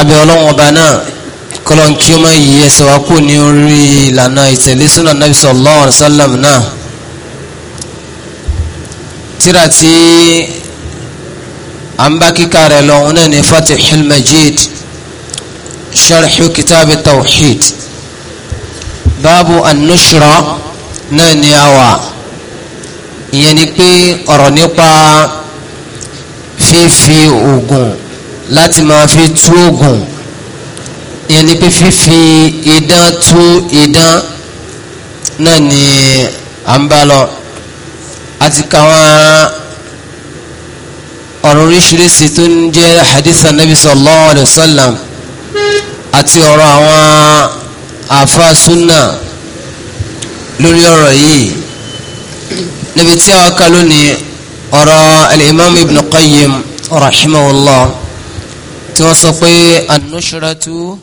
abẹ ọlọ́wọ́n ọba náà kọlọ́n kí ó máa yí ẹsẹ̀ wá kú ní orí ìlànà ìtẹ̀lé súnà nàbì sallallahu alaihi wasallam náà tíra tí à ń bá kíkà rẹ̀ lọ òun náà ní Fatihul Majid sharhu kitab tawhid báàbù an náà ní àwà ìyẹn ni pé ọ̀rọ̀ nípa fífi oògùn láti máa fi tú oògùn ìyẹn ni pé fífi idán tú idán náà ni à ń bá lọ àti káwọn ọ̀rọ̀ oríṣiríṣi tó ń jẹ́ hadith anabi sallallahu alayhi wa sallam àti ọ̀rọ̀ àwọn àfa sunna lórí ọ̀rọ̀ yìí níbi tí a wá ká lónìí ọ̀rọ̀ al-imam ibn qayyim rahimahullah. توصفي النشرة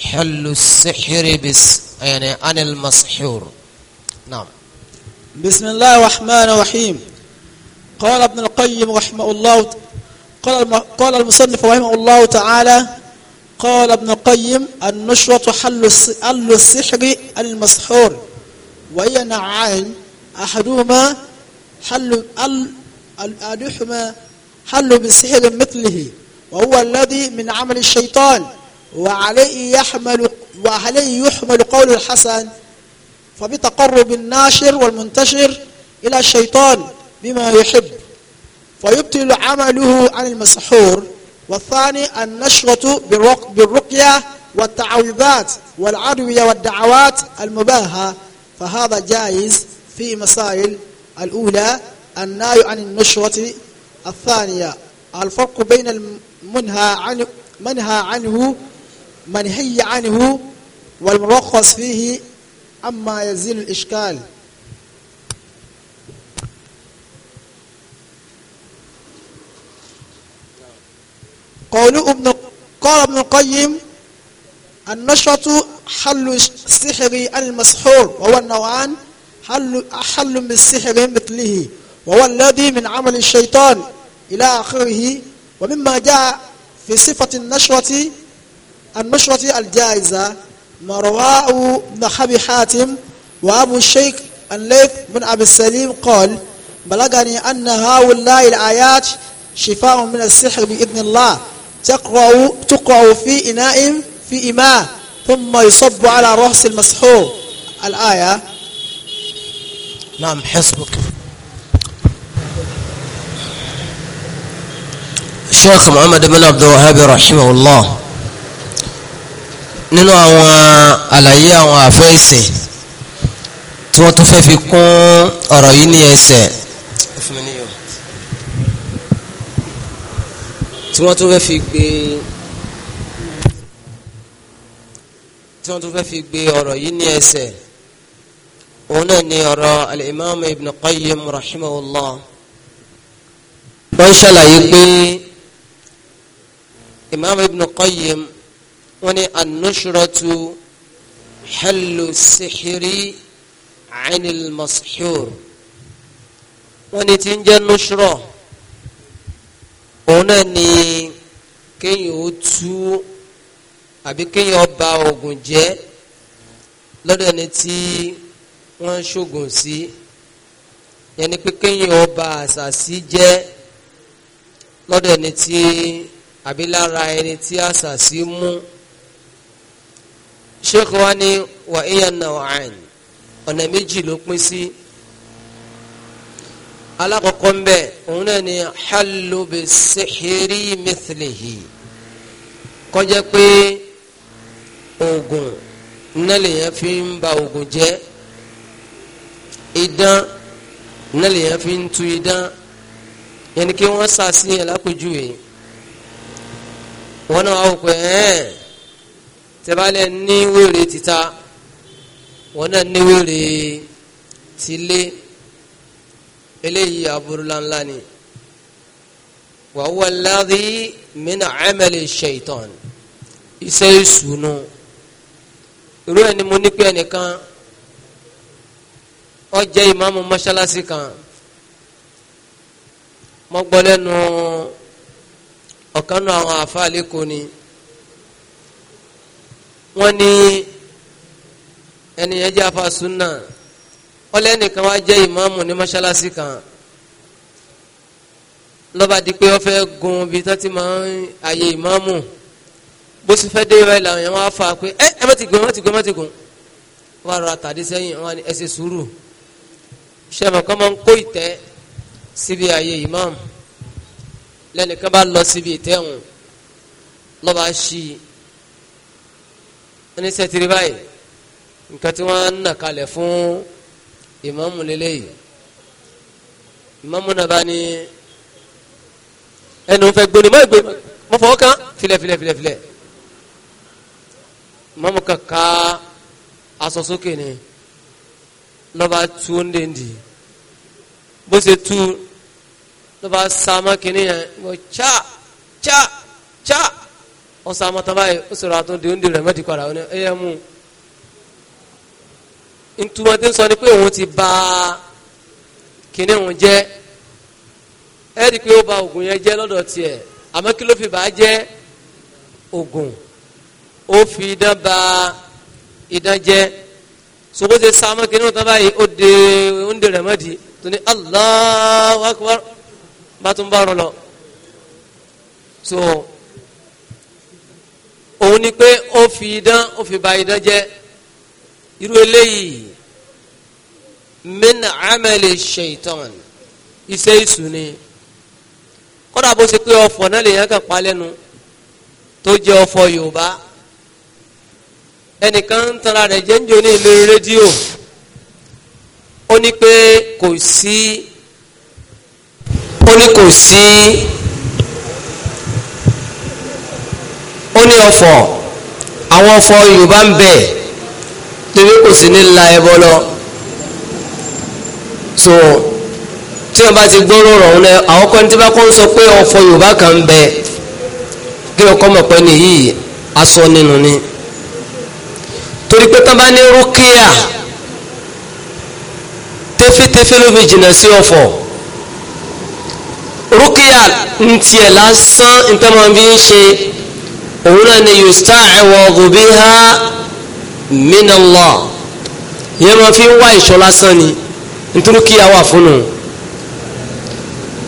حل السحر بس يعني sihiri المسحور نعم بسم الله الرحمن الرحيم قال ابن القيم رحمه الله قال قال المصنف رحمه الله تعالى قال ابن القيم النشرة حل السحر المسحور وهي نعان أحدهما حل حل بسحر مثله وهو الذي من عمل الشيطان وعليه يحمل وعليه يحمل قول الحسن فبتقرب الناشر والمنتشر إلى الشيطان بما يحب فيبطل عمله عن المسحور والثاني النشرة بالرقية والتعويذات والعدوية والدعوات المباهة فهذا جائز في مسائل الأولى النهي عن النشرة الثانية الفرق بين منهى عنه منهى عنه منهي عنه والمرخص فيه عما يزيل الإشكال قول ابن قال ابن القيم النشط حل السحر المسحور وهو النوعان حل من بالسحر مثله وهو الذي من عمل الشيطان إلى آخره ومما جاء في صفة النشرة النشرة الجائزة ما رواه ابن حاتم وأبو الشيخ الليث بن أبي السليم قال بلغني أن هؤلاء الآيات شفاء من السحر بإذن الله تقرأ تقرأ في إناء في إماء ثم يصب على رأس المسحور الآية نعم حسبك sheikh muhammad bin abdulwahab rahimahullah nínú àwọn àlàyé àwọn àfẹ́sìn tí wọ́n tún fẹ́ fi kún ọ̀rọ̀ yìí ní ẹsẹ̀ tí wọ́n tún fẹ́ fi gbé tí wọ́n tún fẹ́ fi gbé ọ̀rọ̀ yìí ní ẹsẹ̀ òun náà ni ọ̀rọ̀ al ibn qayyim rahimahullah wọ́n ṣàlàyé pé imam ibn qayyim wọ́n ní anushratu hallu sihiri anil mashur wọ́n ní tí ń jẹ́ nushra òun náà ni kéèyàn ó tú àbí kéèyàn ó ba oògùn jẹ́ lọ́dọ̀ ẹni tí wọ́n ń ṣoògùn sí pé kéèyàn ó ba àṣàsí jẹ́ lọ́dọ̀ ẹni tí àbí lára ẹni tí àṣàṣì mú sheikh wa ni wà íyà nàwáàn ọ̀nà méjì ló pín sí alákọ̀ọ́kọ́ ń bẹ̀ òun náà ni hallu bi sihiri mithlihi kọjá pé oògùn náà fi ń ba oògùn jẹ́ idán náà fi ń tu idán yẹn kí wọ́n sàṣìyàn lápèjúwe yìí wọn náà wọ́n pẹ́ ẹ́ẹ́ tẹ́bálẹ̀ ní wèrè títa wọn náà ní wèrè tílé eléyìí aburú ńláńlá ni wa huwa alladhi min amali shaitan ìṣúná irú ẹni mo ní pé ẹnìkan ó ìmáàmù mọ́ṣáláṣí kan mọ́gbọ́lẹ́nu. No ọ̀kan náà àwọn àfáà lẹ́kọ̀ọ́ ni wọ́n ní ẹni yẹn jẹ́ àfáà súnà ọlẹ́nìkan wá jẹ́ ìmáàmù ní mọ́ṣáláṣí kan lọ́ba di pé wọ́n fẹ́ gun ibi tó ti máa ń àyè ìmáàmù bó sì fẹ́ dé ìwáyé làwọn yẹn wá fà á pé ẹ ẹ mọ́tì gun mọ́tì gun mọ́tì gun wọ́n á rọra tàdé sẹ́yìn wọ́n á ní ẹ sùúrù ṣé ẹ̀ kọ́ máa ń kó ìtẹ́ síbi àyè ìmáàmù lẹ́nìkan bá lọ síbi ìtẹ́hùn lọ́ba ṣí i ní sẹ́tìrì báyìí nǹkan tí wọ́n ń nà kalẹ̀ fún ìmáàmù lélẹ́yìí ìmáàmù náà bá ní ẹnu fẹ́ gbóni mọ́ ìgbóni mọ́ fọwọ́ kan filẹ̀ filẹ̀ filẹ̀ filẹ̀ ìmáàmù kàkà aṣọ sókè ni lọ́ba tú ó bó ṣe tú tó bá sàmà kìíní yẹn wọ cha cha cha ọ sàmà tán báyìí ó sọ̀rọ̀ àtún di oúnjẹ rẹ̀ mẹ́tì padà ó ní ẹyẹ mú un ntúmọ̀ tí ń sọ ni pé òun ti ba kìíní òun jẹ́ ẹ rí i pé ó ba oògùn yẹn jẹ́ lọ́dọ̀ tiẹ̀ àmọ́ kí ló fi bàá jẹ́ oògùn ó fi idán ba idán jẹ́ sogose sàmà kìíní òun tán báyìí ó de oúnjẹ rẹ̀ tó ní Allahu Akbar bá tún bá rún lọ so òun ni pé ó fi idán ó fi ba idán jẹ irú eléyìí min amali shaitan iṣẹ́ ìsù ni kódà bó ṣe pé ọ̀fọ̀ náà lèèyàn kàn pa lẹ́nu tó jẹ ọ̀fọ̀ yorùbá ẹnìkan ń tanra rẹ̀ jẹ́ ń jò ní ìlú rédíò ó ní pé kò sí. Si ó ní kò sí ó ní ọ̀fọ̀ àwọn ọ̀fọ̀ Yorùbá ń bẹ níbi kò sí ní la ẹbọ lọ so tí wọn bá ti gbóró rọrùn náà àwọn kan tí bá kọ́ ń sọ pé ọ̀fọ̀ Yorùbá kan ń bẹ kí wọn kọ́ mọ̀ pé nìyí aṣọ nínú ni torí pé tán bá ní rúkìá tẹ́fẹ́tẹ́fẹ́ ló fi jìnnà sí ọ̀fọ̀ rúkìá ntí ẹ̀ lásán ntẹ́mọ̀ bí ń ṣe òun náà ni yusta'wadhu biha min Allah yẹn máa fi ń wá ìṣọ́ lásán ni nítorí rúkìá wà fún un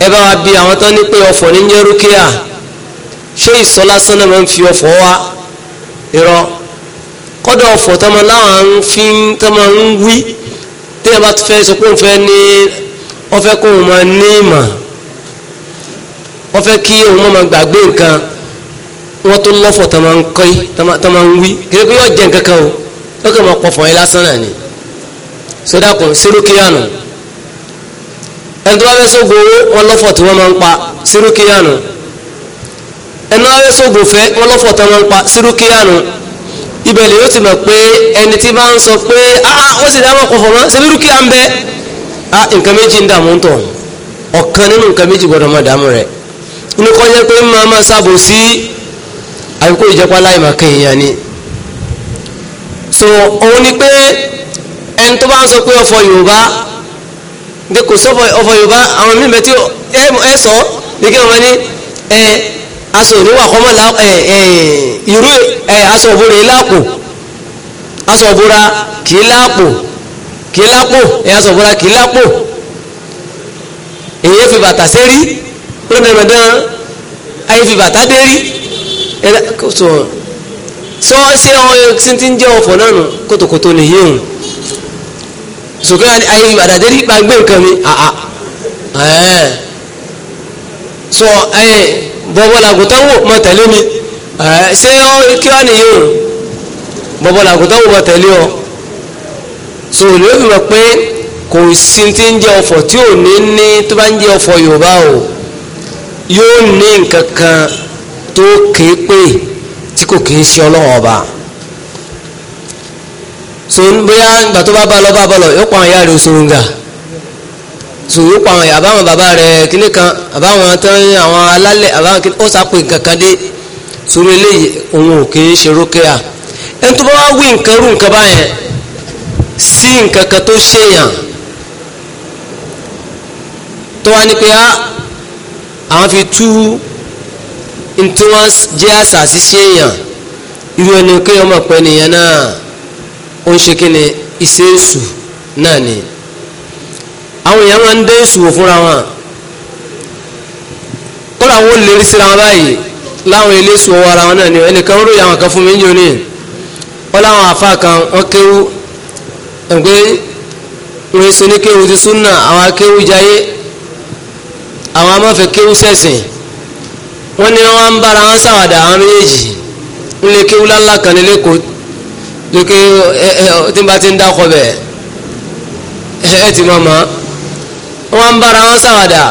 ẹ bá wa bí àwọn tán ní pé ọ̀fọ̀ ní ń jẹ́ rúkìá ṣé ìṣọ́ lásán náà máa ń fi ọ̀fọ̀ wá irọ́ kọ́dọ̀ ọ̀fọ̀ tọ́mọ láwọn fi tọ́mọ ń wí tí ẹ bá fẹ́ sọ pé òun fẹ́ ní wọ́n ní ìmọ̀ wọ́n fẹ́ kí òun máa gbàgbé nǹkan wọ́n tó lọ́fọ̀ tó máa ń kọ́ yìí tó máa ń wí kí ló jẹ́ nǹkan kan o wọ́n kàn máa pọ̀fọ̀ yẹn lásán náà ni sódà kan sírúkìyànù ẹni tó bá fẹ́ sógun owó wọ́n lọ́fọ̀ tí wọ́n máa ń pa sírúkìyànù ẹni tó bá fẹ́ sógun fẹ́ wọ́n lọ́fọ̀ tó máa ń pa sírúkìyànù ibẹ̀ lè yóò ti mọ̀ pé ẹni tí bá ń sọ pé ah, ah ó sì dáhùn ọkọ̀ fọ̀mọ́ ṣe bí ah nǹkan méjì ń dààmú ń tọ̀ ọ̀kan nínú nǹkan méjì gbọ́dọ̀ máa dààmú rẹ̀ ní kọ́ jẹ́ pé ń máa máa sábò sí àbíkó ìjẹ́pá láì máa kàn èèyàn ni so òun ni pé ẹni tó bá ń sọ pé ọ̀fọ̀ Yorùbá pé kò sọ́fọ̀ ọ̀fọ̀ Yorùbá àwọn míì bẹ́ẹ̀ tí ẹ sọ ní kí wọ́n ní ẹ aṣọ òníwà kọ́mọ́ la ẹ ẹ irú ẹ aṣọ òbúra yìí láàpò aṣọ òbúra kì í láàpò kì ẹ aṣọ òbúra kì í èyí fi bàtà sérí ó dẹ̀rẹ̀ dán ayé fi bàtà dé rí ẹ̀dá kò tó hàn tí wọ́n ṣe àwọn ẹ̀sìn tí ń jẹ́ ọ̀fọ̀ náà nù kótókótó nìyí òun sòkè ayé fi bàtà dé rí gbàgbé nǹkan mi àà ẹ̀ẹ́ sọ ẹ̀ẹ́ bọ́bọ́làgùtàn wò mọ tẹ̀lé mi ẹ̀ẹ́ ṣé kí wọ́n nìyí òun wò mọ tẹ̀lé ọ so lóògùn rẹ pé kò sí ti ń jẹ́ ọ̀fọ̀ tí ò ní ní tó bá ń jẹ́ ọ̀fọ̀ Yorùbá o yóò ní nǹkan kan tó kéé pé tí kò kìí ṣe ọlọ́wọ́n ọba so bóyá ìgbà tó bá bá lọ bá bọ̀ lọ yóò pa àwọn ìyá rẹ̀ oṣooṣùngà so yóò pa àwọn ìyá àbáwọn bàbá rẹ̀ kíní kan àbáwọn tán àwọn alálẹ̀ àbáwọn kíní ó sàpè kankan dé sórí eléyìí òun ò kìí ṣe rókèá ẹni tó bá wá wí nǹkan rú nǹkan báyẹn sí nǹkan kan tó ṣèyàn tó wá ní pé á. Ah, àwọn fi tú ntí wọ́n jẹ́ àṣà ṣíṣe èèyàn irú ẹni kí ọmọ pẹ́ nìyẹn náà ó ń ṣe kí ni iṣẹ́ èṣù náà ni àwọn èèyàn máa ń dé èṣù wò fúnra wọn kódà wọn ò síra wọn báyìí láwọn eléṣù ọwọ́ ara wọn náà ni ẹnìkan ń ròyìn àwọn kan fún mi ń jóni wọn láwọn àfa kan wọn kéwú ẹgbẹ́ wọn èso ní kéwú ti súnà àwọn akéwú jayé àwọn amáfẹ́ kéwú sẹ̀sìn wọ́n ní wọ́n ń bára wọn ṣàwàdà àwọn méjèèjì nílé kéwú lálá kan nílé kò lókè ẹ ẹ tí n bá ti ń dákọ bẹ́ẹ̀ ẹ ẹ ti mọ̀ mọ́ wọ́n ń bára wọn ṣàwàdà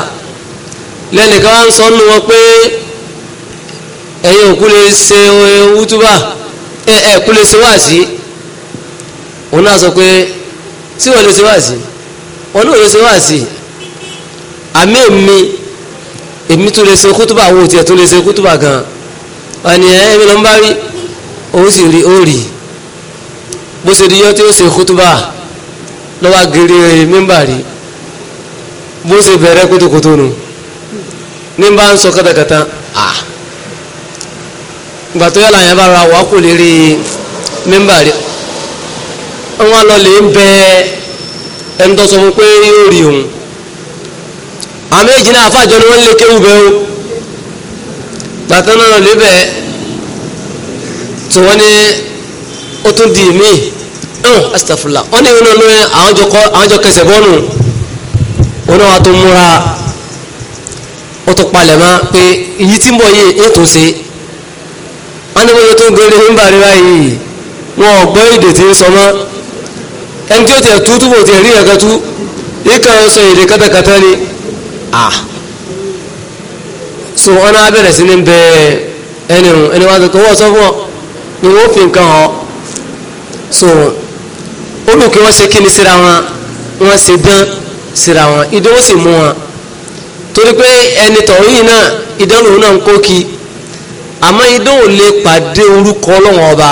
lẹ́nìkan wá ń sọ nù wọn pé ẹ̀yin òkú lè ṣe wútúbà ẹ̀ ẹ̀kú lè ṣe wáàsí òun náà sọ pé tí wọ́n lè ṣe wáàsí òun náà lè ṣe wáàsí àmì èmi èmi tó lè ṣe kútùbà àwọn òtí ẹ̀ tó lè ṣe kútùbà gan ọ̀nì ẹ̀ ẹ̀mí ló ń bá rí òun sì rí ó rí bó ṣe di yọ tí ó ṣe kútùbà lọ́wọ́ gírí mímbà rí bó ṣe bẹ̀rẹ̀ kótókótó nu ní bá ń sọ kátàkátà à gbà tó yàrá yẹn bá ra wà kò lè rí mímbà rí wọn lọ lè ń bẹ ẹni tó sọ fún pé yóò rí òun àwọn méjì náà afájọ ni wọ́n lé kéwù bẹ́ẹ̀ o gbàtà náà lébẹ̀ tí wọ́n ní ó tún di mí ẹ̀hún astafurla wọ́n ní ìwé náà àwọn jọ kẹsẹ̀ bọ́ọ̀nù wọn náà wà tó múra ó tó palẹ̀ mọ́ pé èyí tí ń bọ̀ yìí ètò ṣe wọ́n ní wọ́n tó ń gbére ń bàrí báyìí wọn ò gbọ́ èdè tí ń sọ mọ́ ẹni tí ó tẹ̀ tú túbọ̀ tẹ̀ rí ẹ̀ka tú yìí kan èdè kátàkátà ni à ah. so wọn náà bẹ̀rẹ̀ sí ní bẹ ẹni rùn ẹni wọn tó wọ́n sọ fún ọ ni wọ́n fi nǹkan họ so olùkí wọ́n ṣe kíni síra wọn wọ́n ṣe dán síra wọn idán ó sì mú wọn torí pé ẹni tọ̀hún yìí náà idán lòun náà ń kó kí àmọ́ idán ò lè pàdé orúkọ ọlọ́wọ́n ọba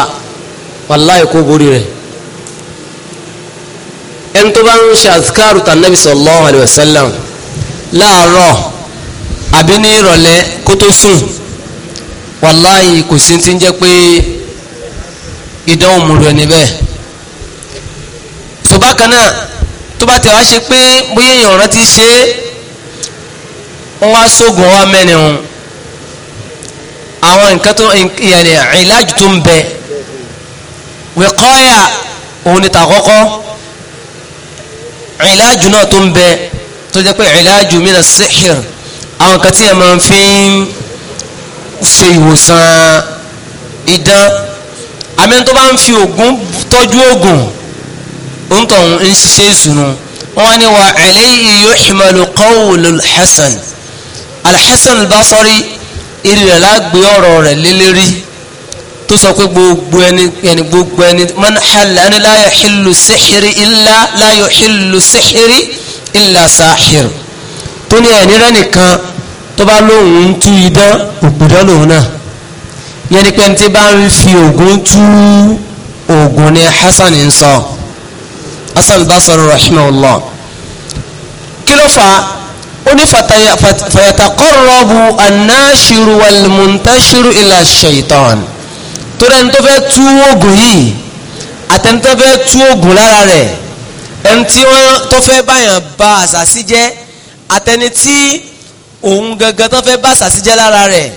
wàláì kó borí rẹ̀ ẹni tó bá ń ṣe àzikáàrù tànàbí sallallahu alaihi wasallam láàárọ̀ àbí ní ìrọ̀lẹ́ kó tó sùn wàláyé kò sí ti ń jẹ́ pé ìdánwò mú rẹ̀ níbẹ̀ so bákan náà tó bá tẹ̀ wá ṣe pé bóyá èèyàn rántí ṣe é wọ́n wá sóògùn wá mẹ́rin àwọn nǹkan tó ìyànní ìlàjì tó ń bẹ wẹ̀kọ́yà òun ni tàkọ́kọ́ ìlàjì náà tó ń bẹ tó jẹ́ pé ìlàjù mina sihir àwọn kan tí ẹ máa fi ń ṣe ìwòsàn idán àmì tó bá ń fi oògùn tọ́jú oògùn nǹkan ń ṣiṣẹ́ ìsúnú wọ́n ní wa alayhi yuhmalu qawlul hasan alhassan al-basri irú lágbé ọ̀rọ̀ rẹ̀ lélẹ́rí tó sọ pé gbogbo ẹni gbogbo ẹni man halla ẹni la yuhillu sihiri illa la yuhillu sihiri illa sahir tó ní ẹ̀ní rẹ̀ nìkan tó bá lóun ń tú idán òpùdán lòun náà yẹn ni pé tí bá ń fi ògùn tú ògùn ni hasan ń sọ hasan basri rahimahullah kí ló fà á ó ní fàyàtàkọ́rọ̀bù anáṣirù wàlmùntáṣirù ila shaitan tó rẹ̀ tó fẹ́ tú ògùn yìí àtẹ̀ntẹ́fẹ́ tú ògùn lára rẹ̀ ẹni tí wọ́n tó fẹ́ báyàn ba àṣàṣì jẹ́ àtẹni tí òun gangan tó fẹ́ bá àṣàṣì jẹ́ lára rẹ̀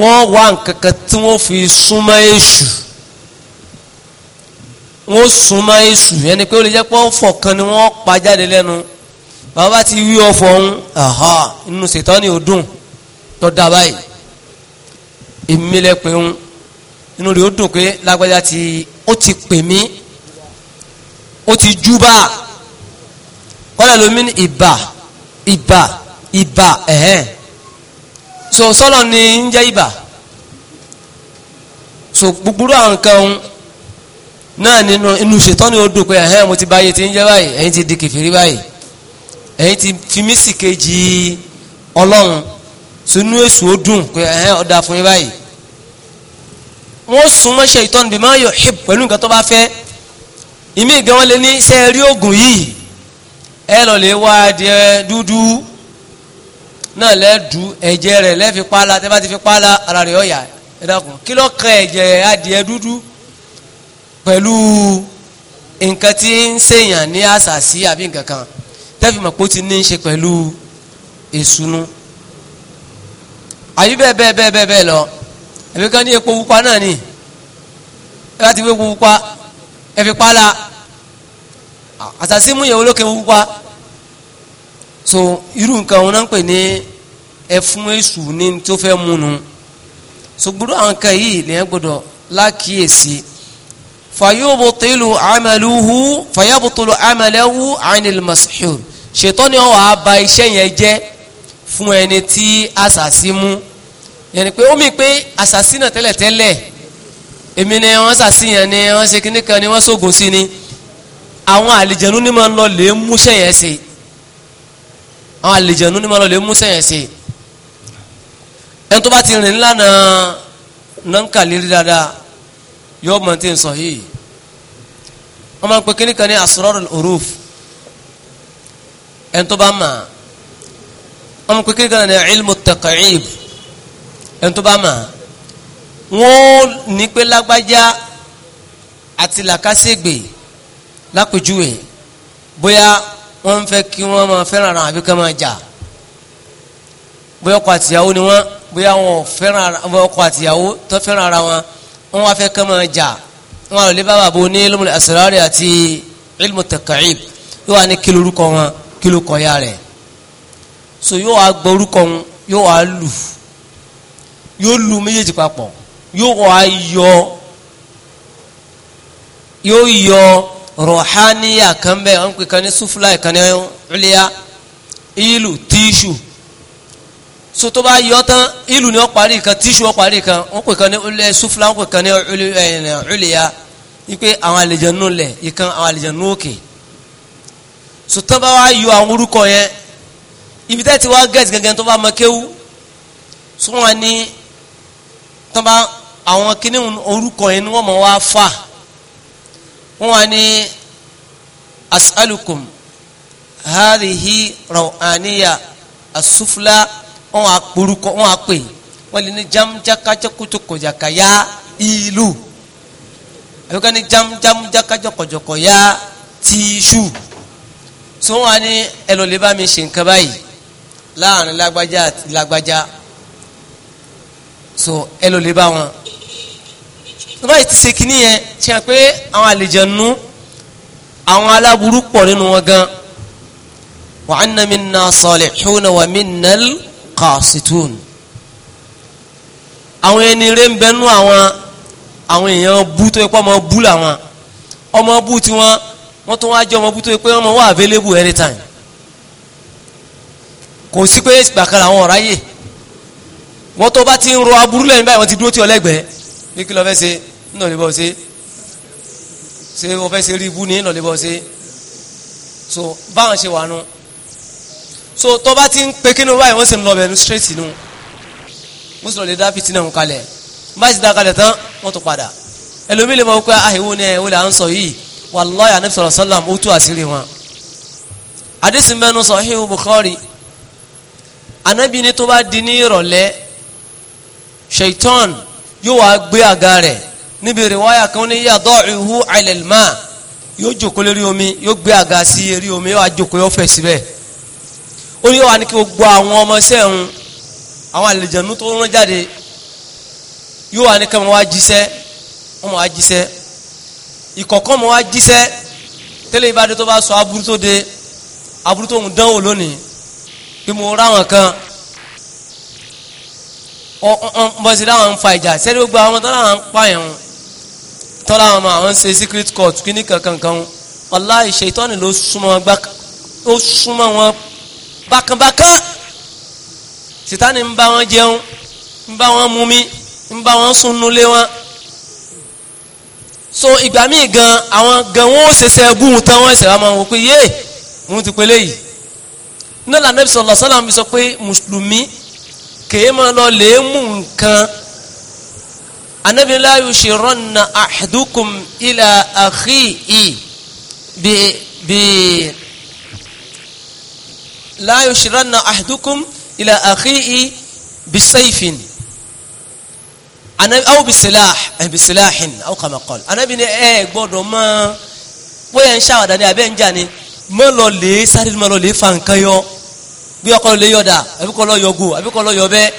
wọ́n wá nǹkan kan tí wọ́n fi súnmọ́ èṣù wọ́n súnmọ́ èṣù yẹn ni pé ó lè jẹ́ pé ọ̀fọ̀ kan ni wọ́n pa jáde lẹ́nu bàbá ti wí ọ̀fọ̀ ọ̀hún inú ṣètánì ò dùn tó dá báyìí èmi lẹ pé ń inú rẹ̀ ó dùn pé lágbájá ti ó ti pè mí ó ti júbà kọ́lá lómi ní ìbà ìbà ìbà ẹ̀hẹ́n so sọ́lọ̀ ni ń jẹ́ ìbà so gbogbo àwọn nǹkan náà nínú inú ṣètọ́ ni ó dùn pé ẹ̀hẹ́n mo ti báyé ti ń jẹ́ báyìí ẹ̀yin ti di kìfìrí báyìí ẹ̀yin ti fi mí sì kejì ọlọ́run so inú èsù ó dùn pé ẹ̀hẹ́n ọ̀dà fún yín báyìí wọ́n sún mọ́ ṣètọ́ níbi máa yọ̀ hip pẹ̀lú nǹkan tó bá fẹ́ ìmí gan wọn lè ní ṣe rí oògùn yìí ẹ lọ lè wá adìẹ dúdú náà lẹ́ẹ̀dú ẹ̀jẹ̀ rẹ̀ lẹ́ẹ̀fi pààlà tẹ́ bá ti fi pààlà ara rẹ̀ ọ̀yà ẹ dákun kí ló kan ẹ̀jẹ̀ adìẹ dúdú pẹ̀lú nǹkan tí ń ṣèyàn ní àṣàṣì àbí nǹkan kan tẹ́fì mọ̀ pé ó ti ní í ṣe pẹ̀lú ìsunu àbí bẹ́ẹ̀ bẹ́ẹ̀ bẹ́ẹ̀ bẹ́ẹ̀ lọ àbí kan ní epo pupa náà ni ẹ bá ti fi epo pupa ẹ pààlà àtàsí mú yẹn olókè wúwa so irú nǹkan wọn náà ń pè ní ẹ fún èṣù ní tó fẹ́ múnu so gbọ́dọ̀ àwọn kan yìí lẹ́yìn gbọ́dọ̀ lákìyèsí fayobotolu amaluhu fayobotolu amalahu anil masihur ṣètọ́ni ọ̀wà àbá iṣẹ́ yẹn jẹ́ fún ẹni tí àṣàṣì mú yẹni pé ó mì pé àṣàṣì náà tẹ́lẹ̀tẹ́lẹ̀ èmi ni wọ́n ṣàṣì yẹn ni wọ́n ṣe kíní ni wọ́n ṣògo sí ni. So, àwọn àlìjẹ̀nu ní máa ń lọ lè múṣẹ́ yẹn ṣe àwọn àlìjẹ̀nu ní máa ń lọ lè múṣẹ́ yẹn ṣe ẹni tó bá ti rìn ńlá náà náà ń kà lérí dáadáa yóò mọ̀ tí ń sọ yìí wọ́n máa ń pe kíní kan ní asrarul uruf ẹni tó bá mà wọ́n máa ń pe kíní kan ní ilmu taqa'ib ẹni tó bá mà wọ́n ní pé lágbájá àti làkàṣègbè lápèjúwe bóyá wọ́n fẹ́ kí wọ́n máa fẹ́ràn ara àbí ká máa jà bóyá ọkọ àtìyàwó ni wọ́n bóyá wọn fẹ́ràn ọkọ àtìyàwó tó fẹ́ràn ara wọn wọ́n wá fẹ́ ká máa jà wọn àlọ́ lé bàbá bo ní ilmu asrari àti ilmu taqa'ib yóò wá ní kí lorúkọ wọn kí ló kọyà rẹ̀ so yóò wá gbọ́ orúkọ wọn yóò wá lù yóò lu méjèèjì papọ̀ yóò wá yọ yóò yọ rọ̀háníyà kan bẹ́ẹ̀ wọ́n ń pè kan ní súfúlà kan ní ọ̀lẹ́yà ìlú tíṣù so tó bá yọ tán ni wọ́n parí kan tíṣù wọ́n parí kan wọ́n pè kan ní ọ̀lẹ́ súfúlà wọ́n pè kan ní ọ̀lẹ́yà wípé àwọn àlejò nù lẹ̀ ìkan àwọn àlejò nù òkè so tán bá wá yọ àwọn orúkọ yẹn ibi tẹ́ ti wá gẹ̀ẹ́sì gẹ́gẹ́ tó bá mọ kéwú so wọ́n ní tán bá àwọn ni wọ́n mọ̀ wá fà wọ́n wá ní as'alukum hadhihi rawaniya asufla wọ́n wá porúkọ wọ́n wá pè wọ́n lè ní jamjakajokojaka ya ìlú àbíkọ́ ní jamjakajokojoko ya tíṣù tí wọ́n wá ní ẹlòlè bá mi ṣe nǹkan báyìí láàrin lágbájá àti lágbájá so ẹlòlè bá wọn tó báyìí ti ṣe kínní yẹn ṣe hàn pé àwọn àlejànú àwọn aláburú pọ̀ nínú wọn gan wa anna minna salihuna wa minnal qasitun àwọn ẹni rẹ̀ ń bẹnu àwọn àwọn èèyàn bú tó yẹ kó ọmọ bú làwọn ọmọ bú tiwọn wọ́n tún wá jẹ́ ọmọ bú tó yẹ pé ọmọ wà available anytime kò sí pé ìgbàkan làwọn ọ̀rá yè wọ́n tó bá ti ń ro aburú lẹ́yìn báyìí wọ́n ti dúró tí ọlẹ́gbẹ̀ẹ́ bí kí lọ́ọ́ fẹ́ ṣe ńlọlẹ́ bọ́ ṣe ṣe wọ́n fẹ́ ṣe rí ibú ní ńlọlẹ́ bọ́ ṣe so báwọn ṣe wà nù so tó bá ti ń pe kí ni wọ́n báyìí wọ́n sì ń lọ bẹ̀ ní straight nù wọ́n sì lọ lè dá fìtínà ń kalẹ̀ bá ti dá kalẹ̀ tán wọ́n tún padà ẹlòmíì lè mọ̀ pé àhìwò ah, ni ẹ̀ wọ́n ń sọ yìí wàláyé anabi sọ̀rọ̀ sálàm ó tú àṣírí wọn àdìsí mẹ́nu Sahihu Bukhari anabi ni tó bá di ní ìrọ̀lẹ́ shaitan yóò wá gbé àga rẹ̀ níbi ìrìwáyà kan ní yada'uhu 'ala al-ma' yóò jòkó lórí omi yóò gbé àga sí eré omi yóò àjòkó yóò fẹ̀ síbẹ̀ ó ní wà ní kí gbogbo àwọn ọmọ sẹ́hun àwọn àlejànú tó rán jáde yóò wà ní kí wọ́n wá jíṣẹ́ wọ́n wá jíṣẹ́ ìkọ̀kọ́ mọ́ wá jíṣẹ́ tẹ́lẹ̀ ìbádé tó bá sọ aburú tó de aburú tó ń dánwò lónìí bí mo ráwọn kan bọ́sí láwọn ń fa ìjà sẹ́ni gbogbo àwọn tó láwọn ń pààyàn tọ́lá àwọn ọmọ àwọn ṣe secret court kí ní kankankan wallahi ṣètọ́nì ló súnmọ́ wọn bákanbákan sitani ń bá wọn jẹun ń bá wọn mumi ń bá wọn sunnulé wọn so ìgbà míì gan àwọn gan wọn ó ṣẹṣẹ gún tán wọn ṣẹlẹ máa wọ pé yé wọn ti pélé yìí nílànà Nabi sallallahu alaihi sọ pé mùsùlùmí kèé lọ lè mú nǹkan anabi la yushiranna ahdukum ila akhihi bi bi la yushiranna ahdukum ila akhihi bisayfin anabi aw bisilah eh bisilahin aw kama qal anabi ni ẹ gbọ́dọ̀ ma bóyá ń ṣàwàdà ni abẹ́ ń jà ni mọ́ lọ lè sáré mọ́ lọ lè fa nǹkan yọ bí ọkọ lè yọ̀dà àbíkọ́ lọ yọ̀gò àbíkọ́ lọ yọ̀bẹ́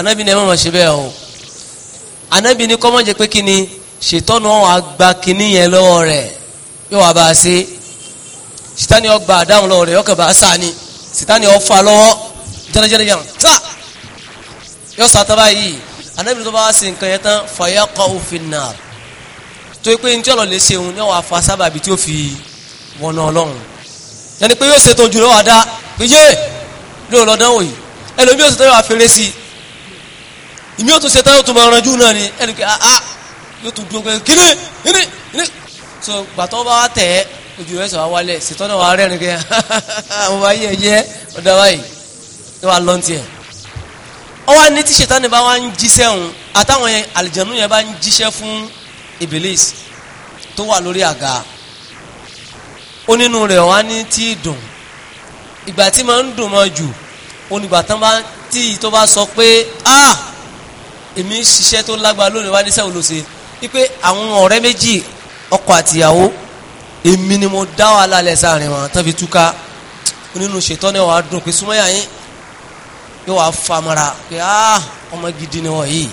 anabi ni ẹ má ma ṣe bẹ́ẹ̀ o anabi ni kọ́mọ́ jẹ́ pé kí ni ṣètọ́nù àgbà kìíní yẹn lọ́wọ́ rẹ̀ yóò wá bá a ṣe sitani ọgbà àdáhùn lọ́wọ́ rẹ̀ yọkàn bá a sá ni sitani ọfà lọ́wọ́ jẹ́nẹ́jẹ́nẹ́ yàn tá yóò sá tábà yìí anabi tó bá wá sí nǹkan yẹn tán fàyà kọ́ òfin náà tó pé ní tí ọ̀rọ̀ lè ṣeun yóò wá fa sábàbí tí ó fi wọnà ọlọ́run yẹn pé yóò ṣètò jùlọ wà dá pé yé lóòlọ́dánwò yìí ẹlòmíì yóò ṣètò yóò wá fèrè sí i ìmí ó tún ṣe tán ó tún máa ranjú náà ni ẹni pé ah, ah yóò tún dúró pé kíní kíní kíní so gbàtọ́ bá wá tẹ̀ ẹ́ ojú rẹ̀ sọ wá wálẹ̀ ṣètọ́nà wa rẹ́rìn kẹ́ àwọn ah, bá yẹ yẹ ọ̀dà báyìí ló wà lọ́n tiẹ̀. ó wá ní tí ṣètánì bá wá ń jíṣẹ́ òun àtàwọn àlìjẹ̀nú yẹn bá ń jíṣẹ́ fún Iblis tó wà lórí àga ó nínú rẹ̀ wá ní tí dùn ìgbà tí máa ń dùn máa jù onígbà tán tí tó bá sọ pé ah èmi ń ṣiṣẹ́ tó lágbára lónìí wá ní sẹ́wọ̀n ló ṣe wípé àwọn ọ̀rẹ́ méjì ọkọ àtìyàwó èmi ni mo dá wàhálà lẹ̀ sáàrin wọn tó fi túká nínú ṣètọ́ náà wàá dùn pé súnmọ́yà yín yóò wàá famara pé ah ọmọ gidi ni wọ́n yìí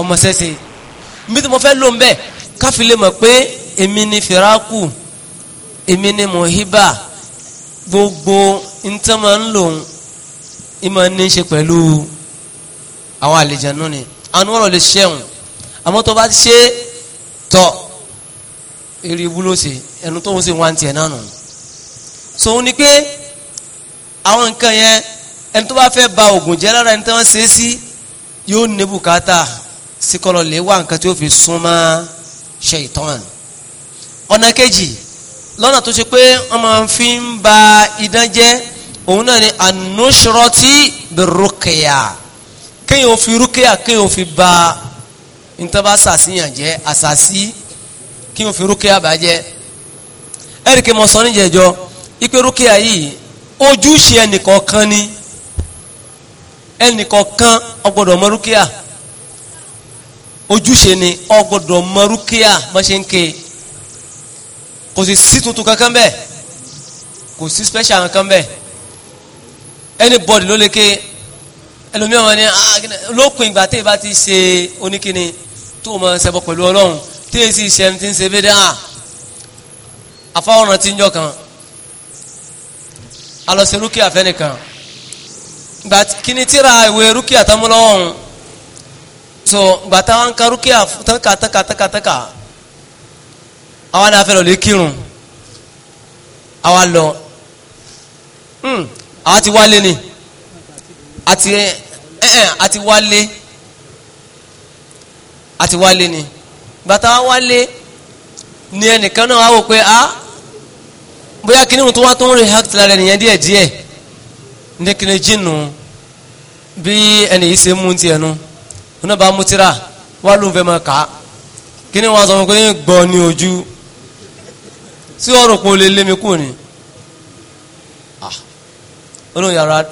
ọmọ sẹ́sẹ̀ mi tí mo fẹ́ lò ń bẹ̀ káfí mọ̀ pé èmi ni fìràkù èmi ni mohiba gbogbo ntẹ́ máa ń lòun ìmọ̀ ní í ṣe pẹ̀lú àwọn àlejànú ni àwọn ọ̀rọ̀ lè ṣẹ́hùn àmọ́ tó bá ṣe tọ̀ eré ibúlò sí ẹnu tó ń ṣe wá ń tiẹ̀ náà nù so ó ní pé àwọn nǹkan yẹn ẹni tó bá fẹ́ ba ògùn jẹ́ lára ẹni tó ń ṣe é sí yóò ní bùkátà sí kọlọ lè wá nǹkan tí ó fi súnmọ́ ṣaitan ọ̀nà kejì lọ́nà tó ṣe pé wọ́n máa fi ń ba idán jẹ́ òun náà ni anusoroti birukia kéèyàn fi rúkìá kéèyàn fi ba ntọ́ba sàṣìyàn jẹ́ àṣàṣì kéèyàn fi rúkìá bàjẹ́ ẹ̀ríkì mọ sọ níjẹ̀jọ́ ipe rúkìá yìí ojúṣe ẹnìkọ̀ọ̀kan ni ẹnìkọ̀ọ̀kan ọgbọ́dọ̀ mọ rúkìá ojúṣe ni ọgbọ́dọ̀ mọ rúkìá mọ́ṣẹ́ńkè kò sì sí tuntun kankan bẹ́ẹ̀ kò sí special kankan bẹ́ẹ̀ anybody ló lè ké ẹlòmíràn wọn ah, ni lópin ìgbà tí ìbá ti ṣe oníkíni tó o máa ṣẹbọ pẹ̀lú ọlọ́run tí èsì ìṣẹ́ni ti ń ṣe bídà àfọwọ́ràn ti ń jọ kan alọ́sẹ̀ rúkìá fẹ́nìkan gbà kíni tíra ìwé rúkìá tamúlọ́wọ́ so gbà táwọn ka rúkìá tánká tánká tánká tánká àwọn náà fẹ́ lọ lè kírun hmm, àwa lọ àwọn ti wálé ni àti ẹ̀ẹ́n eh, eh, àti wálé àti wálé ni bàtà wá wálé ni ẹnìkan náà wá wò pé ah bóyá kí nínú tó wá tó ń react lára ẹnìyẹn díẹ̀ díẹ̀ ní kí ni jìnnù bí ẹnì yìí ṣe mú tiẹ̀ nu wọn náà bá mú tira wá ló ń fẹ́ máa kà á kí ni wọn sọ fún pé ojú tí kò lè lé mi ni olóyàrá